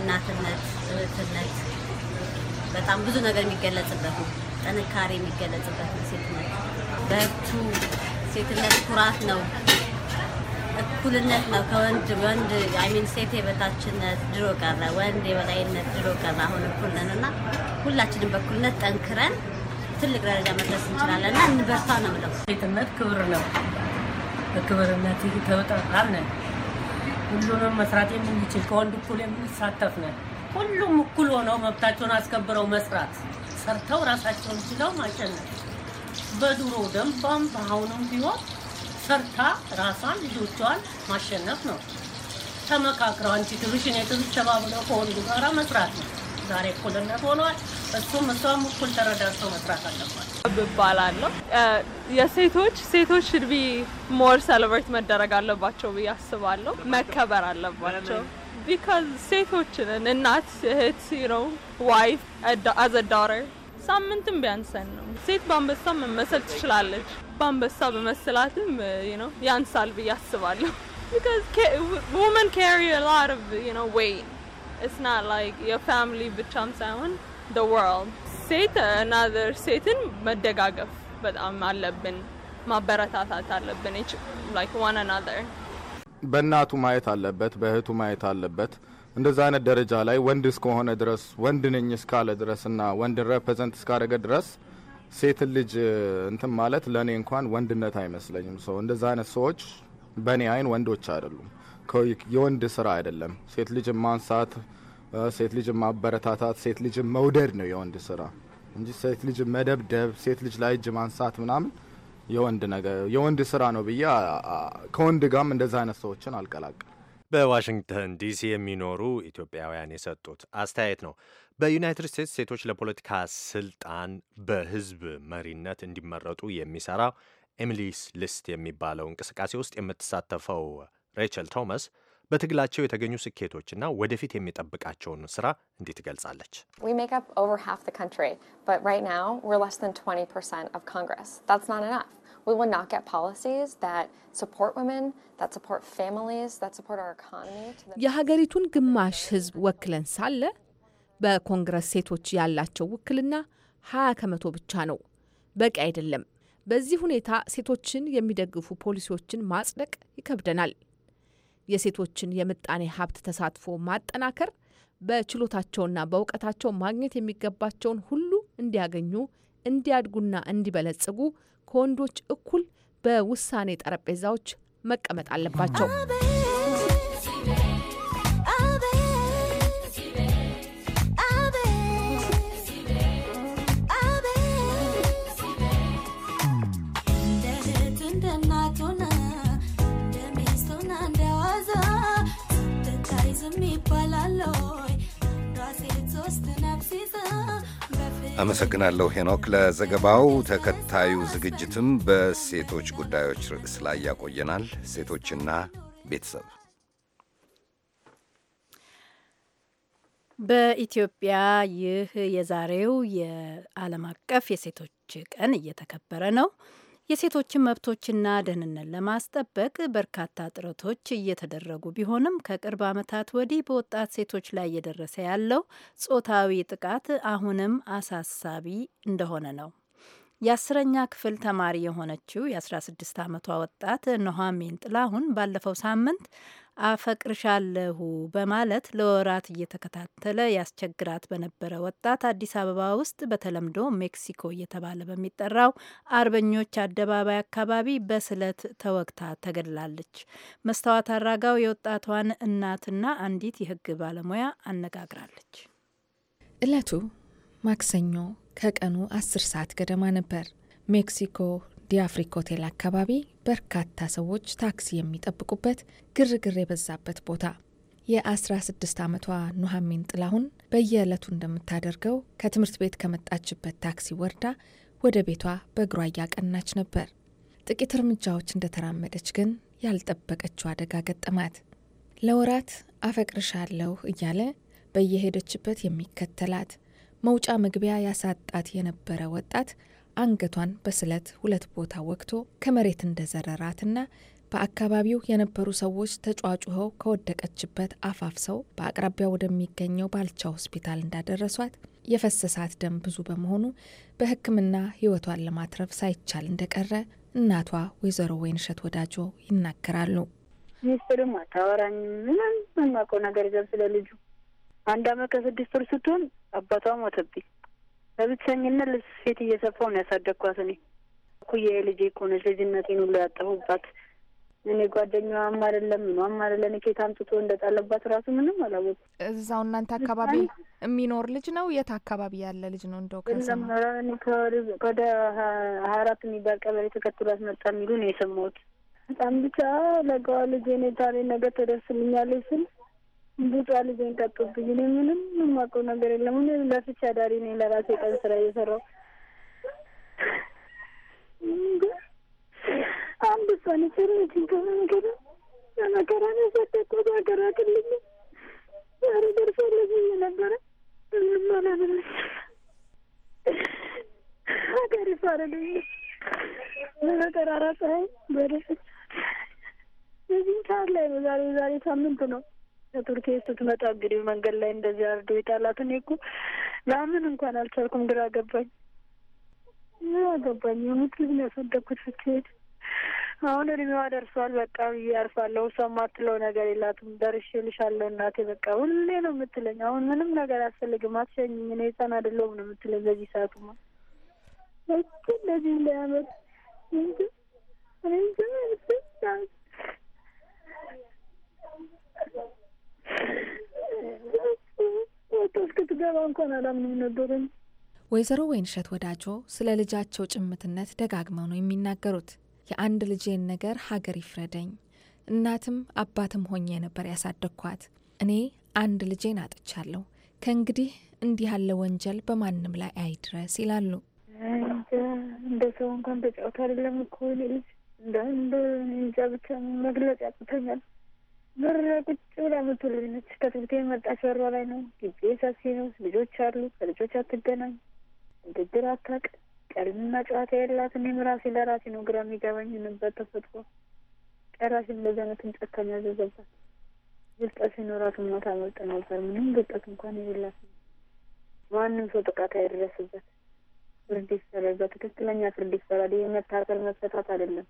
Speaker 12: እናትነት፣ እህትነት በጣም ብዙ ነገር የሚገለጽበት ነው። ጥንካሬ የሚገለጽበት ነው ሴትነት።
Speaker 2: በቱ ሴትነት ኩራት ነው። እኩልነት ነው። ከወንድ ወንድ አይሚን ሴት የበታችነት ድሮ ቀረ፣ ወንድ የበላይነት ድሮ ቀረ። አሁን እኩል ነን እና ሁላችንም በእኩልነት ጠንክረን ትልቅ ደረጃ መድረስ እንችላለን እና እንበርታ ነው ብለው ሴትነት ክብር ነው። በክብርነት ተወጣጣን ሁሉንም መስራት የምንችል ከወንድ እኩል የምንሳተፍ ነን። ሁሉም እኩል ሆነው መብታቸውን አስከብረው መስራት ሰርተው ራሳቸውን ችለው ማሸነፍ በድሮ ደንባም በአሁኑም ቢሆን ሰርታ ራሷን ልጆቿን ማሸነፍ ነው። ተመካክረው አንቺ ትብሽ እኔ ትብሽ ከወንዱ ጋራ መስራት ነው። ዛሬ እኩልነት ሆኗል። እሱም እሷም እኩል ተረዳድተው መስራት አለባት ብባላለሁ።
Speaker 15: የሴቶች ሴቶች ሽድቢ ሞር ሰለብሬት መደረግ አለባቸው ብዬ አስባለሁ። መከበር አለባቸው። ቢካዝ ሴቶችንን እናት፣ እህት፣ ዋይፍ አዘ ዳውተር ሳምንትም ቢያንሰን ነው። ሴት በአንበሳ መመሰል ትችላለች። በአንበሳ በመሰላትም ነው uh, ያንሳል ብዬ አስባለሁ። ውመን ካሪ ላር ዌይ ኢትስ ናት ላይክ የፋሚሊ ብቻም ሳይሆን ደ ወርልድ ሴት ናዘር uh, ሴትን መደጋገፍ በጣም አለብን፣ ማበረታታት አለብን። ዋን አናዘር
Speaker 1: በእናቱ
Speaker 6: ማየት አለበት፣ በእህቱ ማየት አለበት። እንደዛ አይነት ደረጃ ላይ ወንድ እስከሆነ ድረስ ወንድ ነኝ እስካለ ድረስ እና ወንድ ሬፕሬዘንት እስካደረገ ድረስ ሴትን ልጅ እንትን ማለት ለእኔ እንኳን ወንድነት አይመስለኝም። ሰው እንደዛ አይነት ሰዎች በእኔ አይን ወንዶች አይደሉም። የወንድ ስራ አይደለም። ሴት ልጅ ማንሳት፣ ሴት ልጅ ማበረታታት፣ ሴት ልጅ መውደድ ነው የወንድ ስራ እንጂ ሴት ልጅ መደብደብ፣ ሴት ልጅ ላይ እጅ ማንሳት ምናምን የወንድ ነገር የወንድ ስራ ነው ብዬ ከወንድ ጋርም እንደዛ አይነት ሰዎችን አልቀላቀል
Speaker 8: በዋሽንግተን ዲሲ የሚኖሩ ኢትዮጵያውያን የሰጡት አስተያየት ነው። በዩናይትድ ስቴትስ ሴቶች ለፖለቲካ ስልጣን በህዝብ መሪነት እንዲመረጡ የሚሰራው ኤሚሊስ ሊስት የሚባለው እንቅስቃሴ ውስጥ የምትሳተፈው ሬቸል ቶማስ በትግላቸው የተገኙ ስኬቶችና ወደፊት የሚጠብቃቸውን ስራ እንዲህ ትገልጻለች። ሀፍ we will not get policies that support women, that support families, that support our economy.
Speaker 14: የሀገሪቱን ግማሽ ህዝብ ወክለን ሳለ በኮንግረስ ሴቶች ያላቸው ውክልና 20 ከመቶ ብቻ ነው። በቂ አይደለም። በዚህ ሁኔታ ሴቶችን የሚደግፉ ፖሊሲዎችን ማጽደቅ ይከብደናል። የሴቶችን የምጣኔ ሀብት ተሳትፎ ማጠናከር፣ በችሎታቸውና በእውቀታቸው ማግኘት የሚገባቸውን ሁሉ እንዲያገኙ እንዲያድጉና እንዲበለጽጉ ከወንዶች እኩል በውሳኔ ጠረጴዛዎች መቀመጥ አለባቸው።
Speaker 10: Me
Speaker 1: አመሰግናለሁ ሄኖክ ለዘገባው። ተከታዩ ዝግጅትም በሴቶች ጉዳዮች ርዕስ ላይ ያቆየናል። ሴቶችና ቤተሰብ
Speaker 2: በኢትዮጵያ ይህ የዛሬው የዓለም አቀፍ የሴቶች ቀን እየተከበረ ነው። የሴቶችን መብቶችና ደህንነት ለማስጠበቅ በርካታ ጥረቶች እየተደረጉ ቢሆንም ከቅርብ ዓመታት ወዲህ በወጣት ሴቶች ላይ እየደረሰ ያለው ጾታዊ ጥቃት አሁንም አሳሳቢ እንደሆነ ነው። የአስረኛ ክፍል ተማሪ የሆነችው የ16 ዓመቷ ወጣት ኖሃሜን ጥላሁን ባለፈው ሳምንት አፈቅርሻለሁ በማለት ለወራት እየተከታተለ ያስቸግራት በነበረ ወጣት አዲስ አበባ ውስጥ በተለምዶ ሜክሲኮ እየተባለ በሚጠራው አርበኞች አደባባይ አካባቢ በስለት ተወግታ ተገድላለች። መስታወት አራጋው የወጣቷን እናትና አንዲት የሕግ ባለሙያ አነጋግራለች።
Speaker 15: እለቱ ማክሰኞ ከቀኑ አስር ሰዓት ገደማ ነበር። ሜክሲኮ የአፍሪካ ሆቴል አካባቢ በርካታ ሰዎች ታክሲ የሚጠብቁበት ግርግር የበዛበት ቦታ የ16 ዓመቷ ኑሐሚን ጥላሁን በየዕለቱ እንደምታደርገው ከትምህርት ቤት ከመጣችበት ታክሲ ወርዳ ወደ ቤቷ በእግሯ እያቀናች ነበር። ጥቂት እርምጃዎች እንደተራመደች ግን ያልጠበቀችው አደጋ ገጠማት። ለወራት አፈቅርሻለሁ እያለ በየሄደችበት የሚከተላት መውጫ መግቢያ ያሳጣት የነበረ ወጣት አንገቷን በስለት ሁለት ቦታ ወግቶ ከመሬት እንደዘረራትና በአካባቢው የነበሩ ሰዎች ተጫጩኸው ከወደቀችበት አፋፍሰው በአቅራቢያ ወደሚገኘው ባልቻ ሆስፒታል እንዳደረሷት የፈሰሳት ደም ብዙ በመሆኑ በሕክምና ሕይወቷን ለማትረፍ ሳይቻል እንደቀረ እናቷ ወይዘሮ ወይንሸት ወዳጆ ይናገራሉ።
Speaker 10: ሚስትርም አታወራኝ ምንም የማውቀው ነገር የለም ስለ ልጁ። አንድ አመት ከስድስት ወር ስትሆን አባቷ ሞተብኝ። በብቸኝነት ልብስ ሴት እየሰፋሁ ነው ያሳደግኳት። እኔ እኩዬ ልጄ እኮ ነች። ልጅነቴን ሁሉ ያጠፉባት እኔ ጓደኛዋም አይደለም ምኗም አይደለም። ኬት አምጥቶ እንደጣለባት ራሱ ምንም አላወቁ። እዛው እናንተ አካባቢ የሚኖር ልጅ ነው? የት አካባቢ ያለ ልጅ ነው? እንደው ወደ ሀያ አራት የሚባል ቀበሌ ተከትሎ አስመጣ የሚሉ ነው የሰማሁት። በጣም ብቻ ለጋዋ ልጅ ኔ ነገር ተደርስልኛለች ስል ቡጫ ልጄን ቀጡብኝ። እኔ ምንም የማውቀው ነገር የለም። እኔ ለፍቻ ዳሪ ነኝ። ለራሴ ቀን ስራ እየሰራው አንድ ሰን ጭርችን ከመንገድ ለመከራን የሰደቁ ሀገር ክልል ዛሬ ደርሶልኝ ነበረ ምንም ሀገር ይፋረልኝ በመጠራራ ፀሐይ በደረሰ በዚህ ሰዓት ላይ ነው ዛሬ ዛሬ ሳምንት ነው ቱርክ ስትመጣ እንግዲህ መንገድ ላይ እንደዚህ አርዶ ይጣላት። እኔ እኮ ለምን እንኳን አልቻልኩም። ግራ ገባኝ፣ ግራ ገባኝ። የሙት ልጅ ነው ያሳደግኩት ስትሄድ አሁን እድሜዋ ደርሷል፣ በቃ ብዬ አርፋለሁ። እሷ የማትለው ነገር የላትም። ደርሼልሻለሁ እናቴ በቃ ሁሌ ነው የምትለኝ። አሁን ምንም ነገር አያስፈልግም፣ አትሸኝም፣ እኔ ህፃን አይደለሁም ነው የምትለኝ። በዚህ ሰዓቱማ እንደዚህ እንዳያመት እንጂ እኔ እንጂ ወጥቶ እንኳን
Speaker 15: አላምንም ወይዘሮ ወይንሸት ወዳጆ ስለ ልጃቸው ጭምትነት ደጋግመው ነው የሚናገሩት። የአንድ ልጄን ነገር ሀገር ይፍረደኝ፣ እናትም አባትም ሆኜ ነበር ያሳደግኳት። እኔ አንድ ልጄን አጥቻለሁ። ከእንግዲህ እንዲህ ያለ ወንጀል በማንም ላይ አይድረስ ይላሉ።
Speaker 10: እንደ ሰው እንኳን ተጫውቶ አይደለም እኮ ልጅ እንደ እንጃ ብቻ መግለጽ ያቅተኛል። በር ቁጭ ብላ ምትውል ልጅ ነች። ከትምህርት ቤት በሯ ላይ ነው። ግቢ ሰፊ ነው። ልጆች አሉ። ከልጆች አትገናኝ፣ ንግግር አታውቅ፣ ቀልምና ጨዋታ የላት። እኔም ራሴ ለራሴ ነው ግራ የሚገባኝ ነበር ተፈጥሮ ጨራሽ እንደዚህ አይነትን ጨካኝ ያዘዘባት ብልጠት ሲኖራት ሞታ መርጥ ነበር። ምንም ግልጠት እንኳን የሌላት ማንም ሰው ጥቃት አይደረስበት፣ ፍርድ ይፈረጋ። ትክክለኛ ፍርድ ይፈራል። የመታሰር መፈታት አይደለም።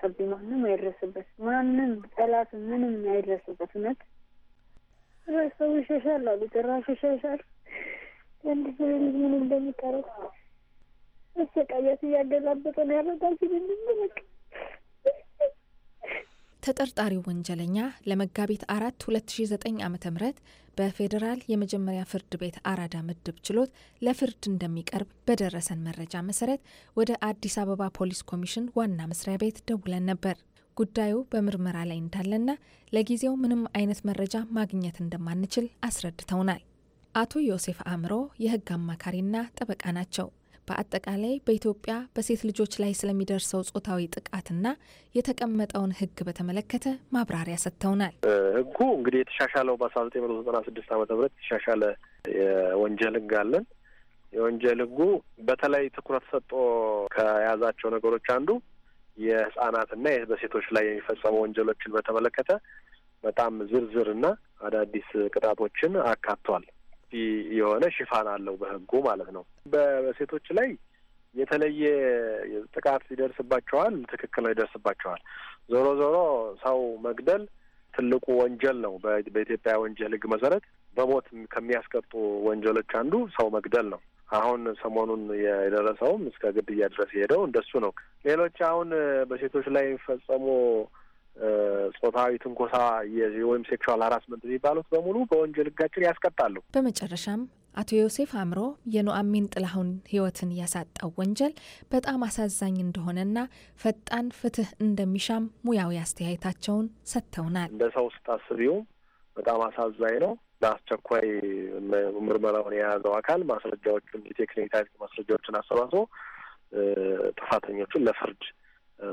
Speaker 10: ሰቢ ማንም አይደረስበት፣ ማንም ጠላት ምንም አይደረስበት። እውነት ሰው ይሸሻል አሉ ጭራሽ ይሸሻል። ወንድ ሰው ልጅ ምን እንደሚቀረው መሰቃየት እያገላበጠ ነው ያረጋችልልበ
Speaker 15: ተጠርጣሪው ወንጀለኛ ለመጋቢት አራት 2009 ዓ ም በፌዴራል የመጀመሪያ ፍርድ ቤት አራዳ ምድብ ችሎት ለፍርድ እንደሚቀርብ በደረሰን መረጃ መሰረት ወደ አዲስ አበባ ፖሊስ ኮሚሽን ዋና መስሪያ ቤት ደውለን ነበር። ጉዳዩ በምርመራ ላይ እንዳለና ለጊዜው ምንም አይነት መረጃ ማግኘት እንደማንችል አስረድተውናል። አቶ ዮሴፍ አእምሮ የህግ አማካሪና ጠበቃ ናቸው። በአጠቃላይ በኢትዮጵያ በሴት ልጆች ላይ ስለሚደርሰው ጾታዊ ጥቃትና የተቀመጠውን ህግ በተመለከተ ማብራሪያ ሰጥተውናል።
Speaker 16: ህጉ እንግዲህ የተሻሻለው በአስራ ዘጠኝ መቶ ዘጠና ስድስት ዓመተ ምህረት የተሻሻለ የወንጀል ህግ አለን። የወንጀል ህጉ በተለይ ትኩረት ሰጥቶ ከያዛቸው ነገሮች አንዱ ና በሴቶች ላይ የሚፈጸሙ ወንጀሎችን በተመለከተ በጣም ዝርዝርና አዳዲስ ቅጣቶችን አካቷል። የሆነ ሽፋን አለው በህጉ ማለት ነው። በሴቶች ላይ የተለየ ጥቃት ይደርስባቸዋል፣ ትክክል ይደርስባቸዋል። ዞሮ ዞሮ ሰው መግደል ትልቁ ወንጀል ነው። በኢትዮጵያ ወንጀል ህግ መሰረት በሞት ከሚያስቀጡ ወንጀሎች አንዱ ሰው መግደል ነው። አሁን ሰሞኑን የደረሰውም እስከ ግድያ ድረስ የሄደው እንደሱ ነው። ሌሎች አሁን በሴቶች ላይ የሚፈጸሙ ጾታዊ ትንኮሳ ወይም ሴክሹዋል ሀራስመንት የሚባሉት በሙሉ በወንጀል ሕጋችን ያስቀጣሉ።
Speaker 15: በመጨረሻም አቶ ዮሴፍ አእምሮ የኑአሚን ጥላሁን ህይወትን ያሳጣው ወንጀል በጣም አሳዛኝ እንደሆነና ፈጣን ፍትህ እንደሚሻም ሙያዊ አስተያየታቸውን ሰጥተውናል።
Speaker 16: እንደ ሰው ስታስቢው በጣም አሳዛኝ ነው። በአስቸኳይ ምርመራውን የያዘው አካል ማስረጃዎቹን የቴክኒካዊ ማስረጃዎችን አሰባስቦ ጥፋተኞቹን ለፍርድ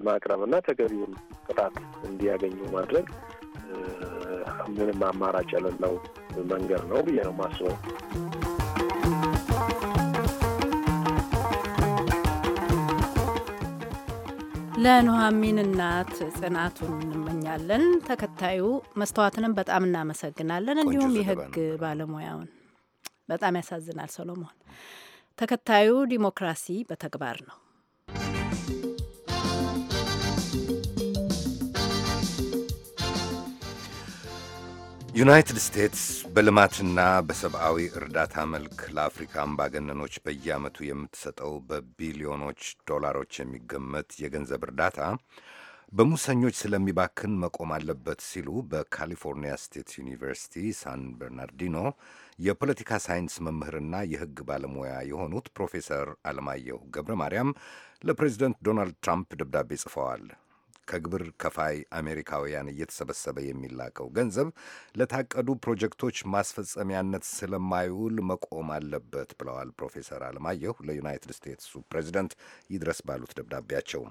Speaker 16: ማቅረብና ተገቢውን ቅጣት እንዲያገኙ ማድረግ ምንም አማራጭ የሌለው መንገድ ነው ብዬ ነው ማስበው።
Speaker 2: ለኑሐሚን እናት ጽናቱን እንመኛለን። ተከታዩ መስተዋትንም በጣም እናመሰግናለን፣ እንዲሁም የህግ ባለሙያውን በጣም ያሳዝናል ሰሎሞን። ተከታዩ ዲሞክራሲ በተግባር ነው።
Speaker 1: ዩናይትድ ስቴትስ በልማትና በሰብአዊ እርዳታ መልክ ለአፍሪካ አምባገነኖች በየዓመቱ የምትሰጠው በቢሊዮኖች ዶላሮች የሚገመት የገንዘብ እርዳታ በሙሰኞች ስለሚባክን መቆም አለበት ሲሉ በካሊፎርኒያ ስቴት ዩኒቨርሲቲ ሳን በርናርዲኖ የፖለቲካ ሳይንስ መምህርና የሕግ ባለሙያ የሆኑት ፕሮፌሰር አለማየሁ ገብረ ማርያም ለፕሬዚደንት ዶናልድ ትራምፕ ደብዳቤ ጽፈዋል። ከግብር ከፋይ አሜሪካውያን እየተሰበሰበ የሚላከው ገንዘብ ለታቀዱ ፕሮጀክቶች ማስፈጸሚያነት ስለማይውል መቆም አለበት ብለዋል ፕሮፌሰር አለማየሁ ለዩናይትድ ስቴትሱ ፕሬዚደንት ይድረስ ባሉት ደብዳቤያቸው።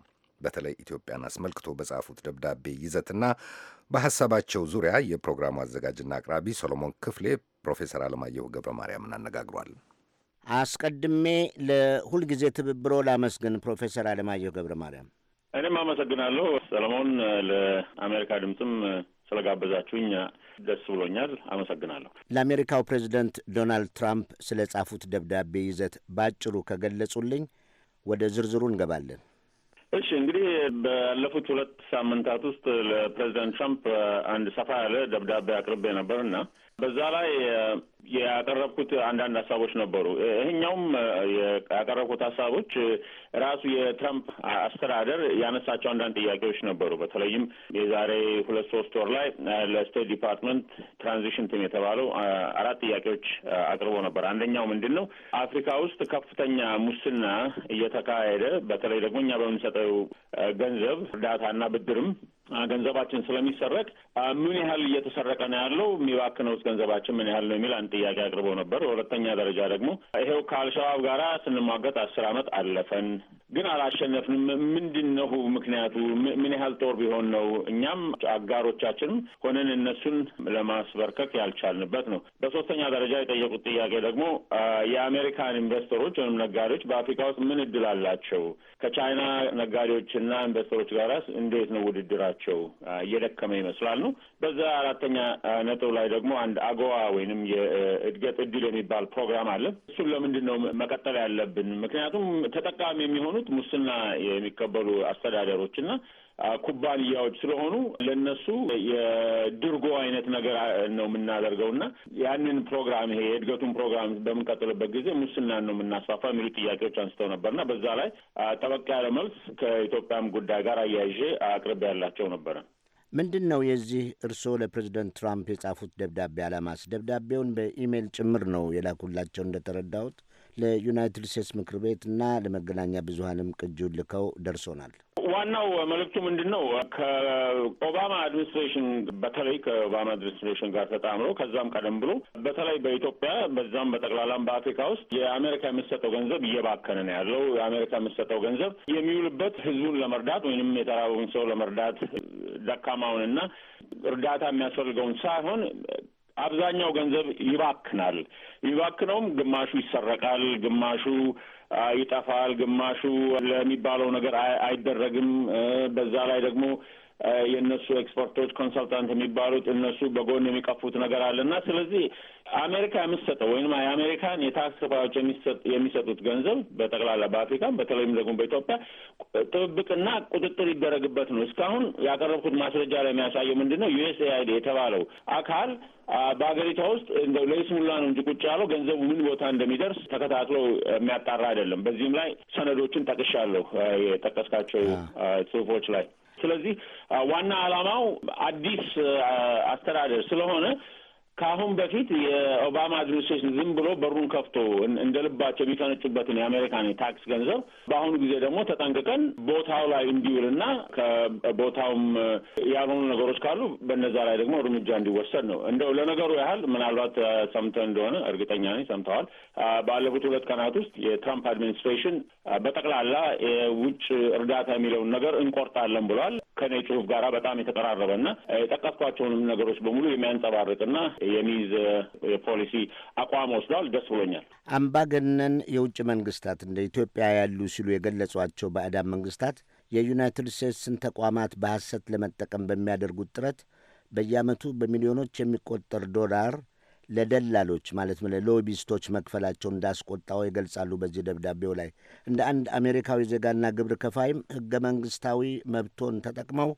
Speaker 1: በተለይ ኢትዮጵያን አስመልክቶ በጻፉት ደብዳቤ ይዘትና በሐሳባቸው ዙሪያ የፕሮግራሙ አዘጋጅና አቅራቢ ሰሎሞን ክፍሌ ፕሮፌሰር አለማየሁ ገብረ ማርያምን አነጋግሯል።
Speaker 7: አስቀድሜ ለሁልጊዜ ትብብሮ ላመስግን ፕሮፌሰር አለማየሁ ገብረ ማርያም
Speaker 11: እኔም አመሰግናለሁ ሰለሞን፣ ለአሜሪካ ድምፅም ስለጋበዛችሁኝ ደስ ብሎኛል። አመሰግናለሁ።
Speaker 7: ለአሜሪካው ፕሬዚደንት ዶናልድ ትራምፕ ስለ ጻፉት ደብዳቤ ይዘት ባጭሩ ከገለጹልኝ ወደ ዝርዝሩ እንገባለን።
Speaker 11: እሺ እንግዲህ ባለፉት ሁለት ሳምንታት ውስጥ ለፕሬዚደንት ትራምፕ አንድ ሰፋ ያለ ደብዳቤ አቅርቤ ነበርና በዛ ላይ ያቀረብኩት አንዳንድ ሀሳቦች ነበሩ። ይህኛውም ያቀረብኩት ሀሳቦች ራሱ የትራምፕ አስተዳደር ያነሳቸው አንዳንድ ጥያቄዎች ነበሩ። በተለይም የዛሬ ሁለት ሶስት ወር ላይ ለስቴት ዲፓርትመንት ትራንዚሽን ቲም የተባለው አራት ጥያቄዎች አቅርቦ ነበር። አንደኛው ምንድን ነው አፍሪካ ውስጥ ከፍተኛ ሙስና እየተካሄደ በተለይ ደግሞ እኛ በምንሰጠው ገንዘብ እርዳታና ብድርም ገንዘባችን ስለሚሰረቅ ምን ያህል እየተሰረቀ ነው ያለው፣ የሚባክነው ገንዘባችን ምን ያህል ነው የሚል አንድ ጥያቄ አቅርቦ ነበር። በሁለተኛ ደረጃ ደግሞ ይሄው ከአልሸባብ ጋር ስንሟገጥ አስር ዓመት አለፈን፣ ግን አላሸነፍንም። ምንድን ነው ምክንያቱ? ምን ያህል ጦር ቢሆን ነው እኛም አጋሮቻችንም ሆነን እነሱን ለማስበርከክ ያልቻልንበት ነው። በሶስተኛ ደረጃ የጠየቁት ጥያቄ ደግሞ የአሜሪካን ኢንቨስተሮች ወይም ነጋዴዎች በአፍሪካ ውስጥ ምን እድል አላቸው? ከቻይና ነጋዴዎችና ኢንቨስተሮች ጋር እንዴት ነው ውድድራቸው ናቸው እየደከመ ይመስላል ነው። በዛ አራተኛ ነጥብ ላይ ደግሞ አንድ አጎዋ ወይንም የእድገት እድል የሚባል ፕሮግራም አለ። እሱን ለምንድን ነው መቀጠል ያለብን? ምክንያቱም ተጠቃሚ የሚሆኑት ሙስና የሚቀበሉ እና ኩባንያዎች ስለሆኑ ለነሱ የድርጎ አይነት ነገር ነው የምናደርገው እና ያንን ፕሮግራም ይሄ የእድገቱን ፕሮግራም በምንቀጥልበት ጊዜ ሙስናን ነው የምናስፋፋ የሚሉ ጥያቄዎች አንስተው ነበር እና በዛ ላይ ጠበቅ ያለ መልስ ከኢትዮጵያም ጉዳይ ጋር አያይዤ አቅርቤ ያላቸው ነበረ።
Speaker 7: ምንድን ነው የዚህ እርስዎ ለፕሬዚደንት ትራምፕ የጻፉት ደብዳቤ አላማስ? ደብዳቤውን በኢሜይል ጭምር ነው የላኩላቸው እንደተረዳሁት። ለዩናይትድ ስቴትስ ምክር ቤት እና ለመገናኛ ብዙሀንም ቅጂውን ልከው ደርሶናል።
Speaker 11: ዋናው መልእክቱ ምንድን ነው? ከኦባማ አድሚኒስትሬሽን በተለይ ከኦባማ አድሚኒስትሬሽን ጋር ተጣምሮ ከዛም ቀደም ብሎ በተለይ በኢትዮጵያ በዛም በጠቅላላም በአፍሪካ ውስጥ የአሜሪካ የሚሰጠው ገንዘብ እየባከነ ነው ያለው። የአሜሪካ የሚሰጠው ገንዘብ የሚውልበት ህዝቡን ለመርዳት ወይንም የተራበውን ሰው ለመርዳት ደካማውንና እርዳታ የሚያስፈልገውን ሳይሆን አብዛኛው ገንዘብ ይባክናል። የሚባክነውም ግማሹ ይሰረቃል፣ ግማሹ ይጠፋል፣ ግማሹ ለሚባለው ነገር አይደረግም። በዛ ላይ ደግሞ የእነሱ ኤክስፐርቶች ኮንሰልታንት የሚባሉት እነሱ በጎን የሚቀፉት ነገር አለ እና ስለዚህ አሜሪካ የምትሰጠው ወይም የአሜሪካን የታክስ ከፋዮች የሚሰጡት ገንዘብ በጠቅላላ በአፍሪካም በተለይም ደግሞ በኢትዮጵያ ጥብቅና ቁጥጥር ይደረግበት ነው። እስካሁን ያቀረብኩት ማስረጃ ላይ የሚያሳየው ምንድን ነው? ዩኤስኤአይዲ የተባለው አካል በሀገሪቷ ውስጥ እንደው ለይስሙላ ነው እንጂ ቁጭ ያለው ገንዘቡ ምን ቦታ እንደሚደርስ ተከታትሎ የሚያጣራ አይደለም። በዚህም ላይ ሰነዶችን ጠቅሻለሁ የጠቀስካቸው ጽሁፎች ላይ። ስለዚህ ዋና ዓላማው አዲስ አስተዳደር ስለሆነ ከአሁን በፊት የኦባማ አድሚኒስትሬሽን ዝም ብሎ በሩን ከፍቶ እንደ ልባቸው የሚፈነጭበትን የአሜሪካን የታክስ ገንዘብ በአሁኑ ጊዜ ደግሞ ተጠንቅቀን ቦታው ላይ እንዲውልና ከቦታውም ያልሆኑ ነገሮች ካሉ በነዛ ላይ ደግሞ እርምጃ እንዲወሰድ ነው። እንደው ለነገሩ ያህል ምናልባት ሰምተ እንደሆነ እርግጠኛ ነኝ ሰምተዋል። ባለፉት ሁለት ቀናት ውስጥ የትራምፕ አድሚኒስትሬሽን በጠቅላላ የውጭ እርዳታ የሚለውን ነገር እንቆርጣለን ብሏል። ከኔ ጽሁፍ ጋር በጣም የተቀራረበ እና የጠቀስኳቸውንም ነገሮች በሙሉ የሚያንጸባርቅና የሚይዝ የፖሊሲ አቋም ወስዷል። ደስ ብሎኛል።
Speaker 7: አምባገነን የውጭ መንግስታት እንደ ኢትዮጵያ ያሉ ሲሉ የገለጿቸው ባዕዳን መንግስታት የዩናይትድ ስቴትስን ተቋማት በሐሰት ለመጠቀም በሚያደርጉት ጥረት በየዓመቱ በሚሊዮኖች የሚቆጠር ዶላር ለደላሎች ማለት ለሎቢስቶች መክፈላቸው እንዳስቆጣው ይገልጻሉ። በዚህ ደብዳቤው ላይ እንደ አንድ አሜሪካዊ ዜጋና ግብር ከፋይም ህገ መንግስታዊ መብቶን ተጠቅመው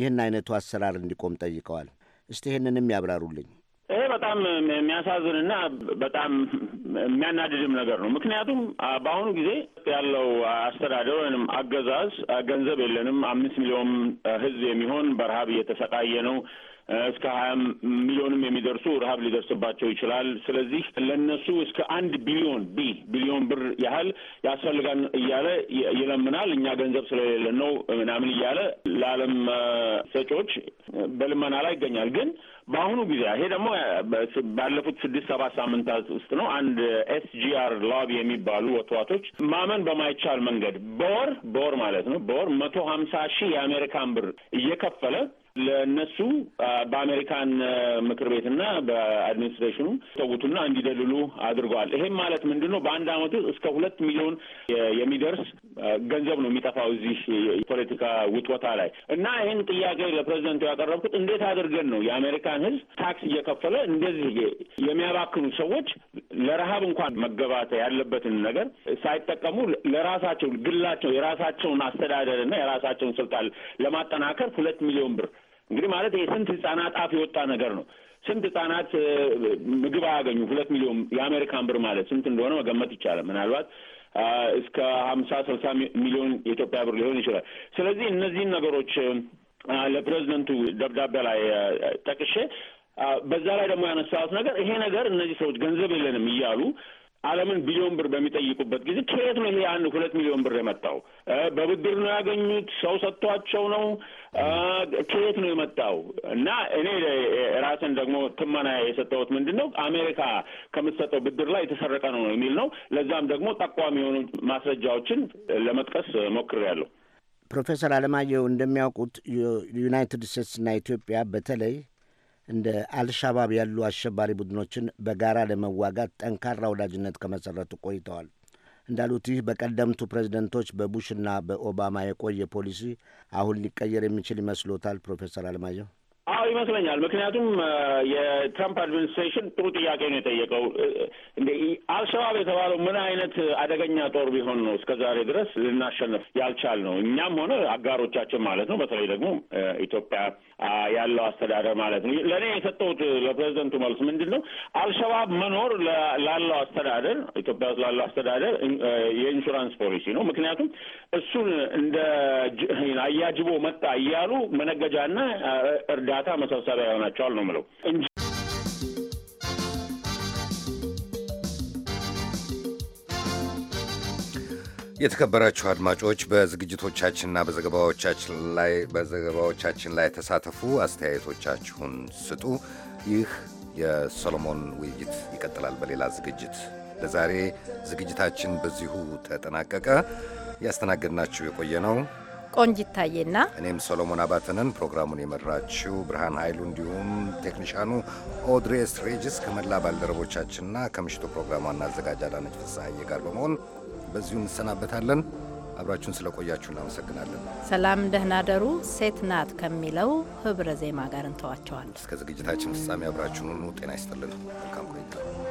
Speaker 7: ይህን አይነቱ አሰራር እንዲቆም ጠይቀዋል። እስቲ ይህንንም ያብራሩልኝ።
Speaker 11: ይሄ በጣም የሚያሳዝንና በጣም የሚያናድድም ነገር ነው። ምክንያቱም በአሁኑ ጊዜ ያለው አስተዳደር ወይም አገዛዝ ገንዘብ የለንም፣ አምስት ሚሊዮን ህዝብ የሚሆን በረሀብ እየተሰቃየ ነው እስከ ሀያ ሚሊዮንም የሚደርሱ ረሀብ ሊደርስባቸው ይችላል። ስለዚህ ለነሱ እስከ አንድ ቢሊዮን ቢ ቢሊዮን ብር ያህል ያስፈልጋል እያለ ይለምናል። እኛ ገንዘብ ስለሌለን ነው ምናምን እያለ ለዓለም ሰጪዎች በልመና ላይ ይገኛል። ግን በአሁኑ ጊዜ ይሄ ደግሞ ባለፉት ስድስት ሰባት ሳምንታት ውስጥ ነው። አንድ ኤስጂአር ላቢ የሚባሉ ወጥዋቶች ማመን በማይቻል መንገድ በወር በወር ማለት ነው በወር መቶ ሀምሳ ሺህ የአሜሪካን ብር እየከፈለ ለእነሱ በአሜሪካን ምክር ቤትና በአድሚኒስትሬሽኑ ተውቱና እንዲደልሉ አድርገዋል። ይሄም ማለት ምንድን ነው? በአንድ አመት ውስጥ እስከ ሁለት ሚሊዮን የሚደርስ ገንዘብ ነው የሚጠፋው እዚህ የፖለቲካ ውጥወታ ላይ እና ይህን ጥያቄ ለፕሬዚደንቱ ያቀረብኩት እንዴት አድርገን ነው የአሜሪካን ህዝብ ታክስ እየከፈለ እንደዚህ የሚያባክኑ ሰዎች ለረሀብ እንኳን መገባት ያለበትን ነገር ሳይጠቀሙ ለራሳቸው ግላቸው የራሳቸውን አስተዳደርና የራሳቸውን ስልጣን ለማጠናከር ሁለት ሚሊዮን ብር እንግዲህ ማለት የስንት ስንት ህጻናት አፍ የወጣ ነገር ነው። ስንት ህጻናት ምግብ አያገኙ ሁለት ሚሊዮን የአሜሪካን ብር ማለት ስንት እንደሆነ መገመት ይቻላል። ምናልባት እስከ ሀምሳ ስልሳ ሚሊዮን የኢትዮጵያ ብር ሊሆን ይችላል። ስለዚህ እነዚህን ነገሮች ለፕሬዚደንቱ ደብዳቤ ላይ ጠቅሼ በዛ ላይ ደግሞ ያነሳሁት ነገር ይሄ ነገር እነዚህ ሰዎች ገንዘብ የለንም እያሉ ዓለምን ቢሊዮን ብር በሚጠይቁበት ጊዜ ከየት ነው ይሄ አንድ ሁለት ሚሊዮን ብር የመጣው? በብድር ነው ያገኙት? ሰው ሰጥቷቸው ነው? ከየት ነው የመጣው? እና እኔ ራስን ደግሞ ትመና የሰጠሁት ምንድን ነው አሜሪካ ከምትሰጠው ብድር ላይ የተሰረቀ ነው የሚል ነው። ለዛም ደግሞ ጠቋሚ የሆኑ ማስረጃዎችን ለመጥቀስ ሞክሬያለሁ።
Speaker 7: ፕሮፌሰር አለማየሁ እንደሚያውቁት ዩናይትድ እና ኢትዮጵያ በተለይ እንደ አልሻባብ ያሉ አሸባሪ ቡድኖችን በጋራ ለመዋጋት ጠንካራ ወዳጅነት ከመሠረቱ ቆይተዋል። እንዳሉት ይህ በቀደምቱ ፕሬዝደንቶች በቡሽና በኦባማ የቆየ ፖሊሲ አሁን ሊቀየር የሚችል ይመስሎታል ፕሮፌሰር አለማየሁ?
Speaker 11: አዎ ይመስለኛል። ምክንያቱም የትራምፕ አድሚኒስትሬሽን ጥሩ ጥያቄ ነው የጠየቀው። እንደ አልሸባብ የተባለው ምን አይነት አደገኛ ጦር ቢሆን ነው እስከ ዛሬ ድረስ ልናሸነፍ ያልቻል ነው? እኛም ሆነ አጋሮቻችን ማለት ነው። በተለይ ደግሞ ኢትዮጵያ ያለው አስተዳደር ማለት ነው። ለእኔ የሰጠሁት ለፕሬዚደንቱ መልስ ምንድን ነው? አልሸባብ መኖር ላለው አስተዳደር ኢትዮጵያ ውስጥ ላለው አስተዳደር የኢንሹራንስ ፖሊሲ ነው። ምክንያቱም እሱን እንደ አያጅቦ መጣ እያሉ መነገጃና እርዳታ መሰብሰቢያ ይሆናቸዋል ነው ምለው
Speaker 10: እንጂ
Speaker 1: የተከበራችሁ አድማጮች በዝግጅቶቻችንና በዘገባዎቻችን ላይ በዘገባዎቻችን ላይ ተሳተፉ፣ አስተያየቶቻችሁን ስጡ። ይህ የሰሎሞን ውይይት ይቀጥላል በሌላ ዝግጅት። ለዛሬ ዝግጅታችን በዚሁ ተጠናቀቀ። ያስተናገድናችሁ የቆየ ነው
Speaker 2: ቆንጂት ታዬና
Speaker 1: እኔም ሰሎሞን አባተንን። ፕሮግራሙን የመራችው ብርሃን ኃይሉ እንዲሁም ቴክኒሻኑ ኦድሬስ ሬጅስ ከመላ ባልደረቦቻችንና ከምሽቱ ፕሮግራሟ አዘጋጅ አዳነች ፍስሐዬ ጋር በመሆን በዚሁ እንሰናበታለን። አብራችሁን ስለቆያችሁ እናመሰግናለን።
Speaker 2: ሰላም፣ ደህና ደሩ። ሴት ናት ከሚለው ህብረ ዜማ ጋር እንተዋቸዋለን።
Speaker 1: እስከ ዝግጅታችን ፍጻሜ አብራችሁን ሁኑ። ጤና ይስጥልን። መልካም ቆይታ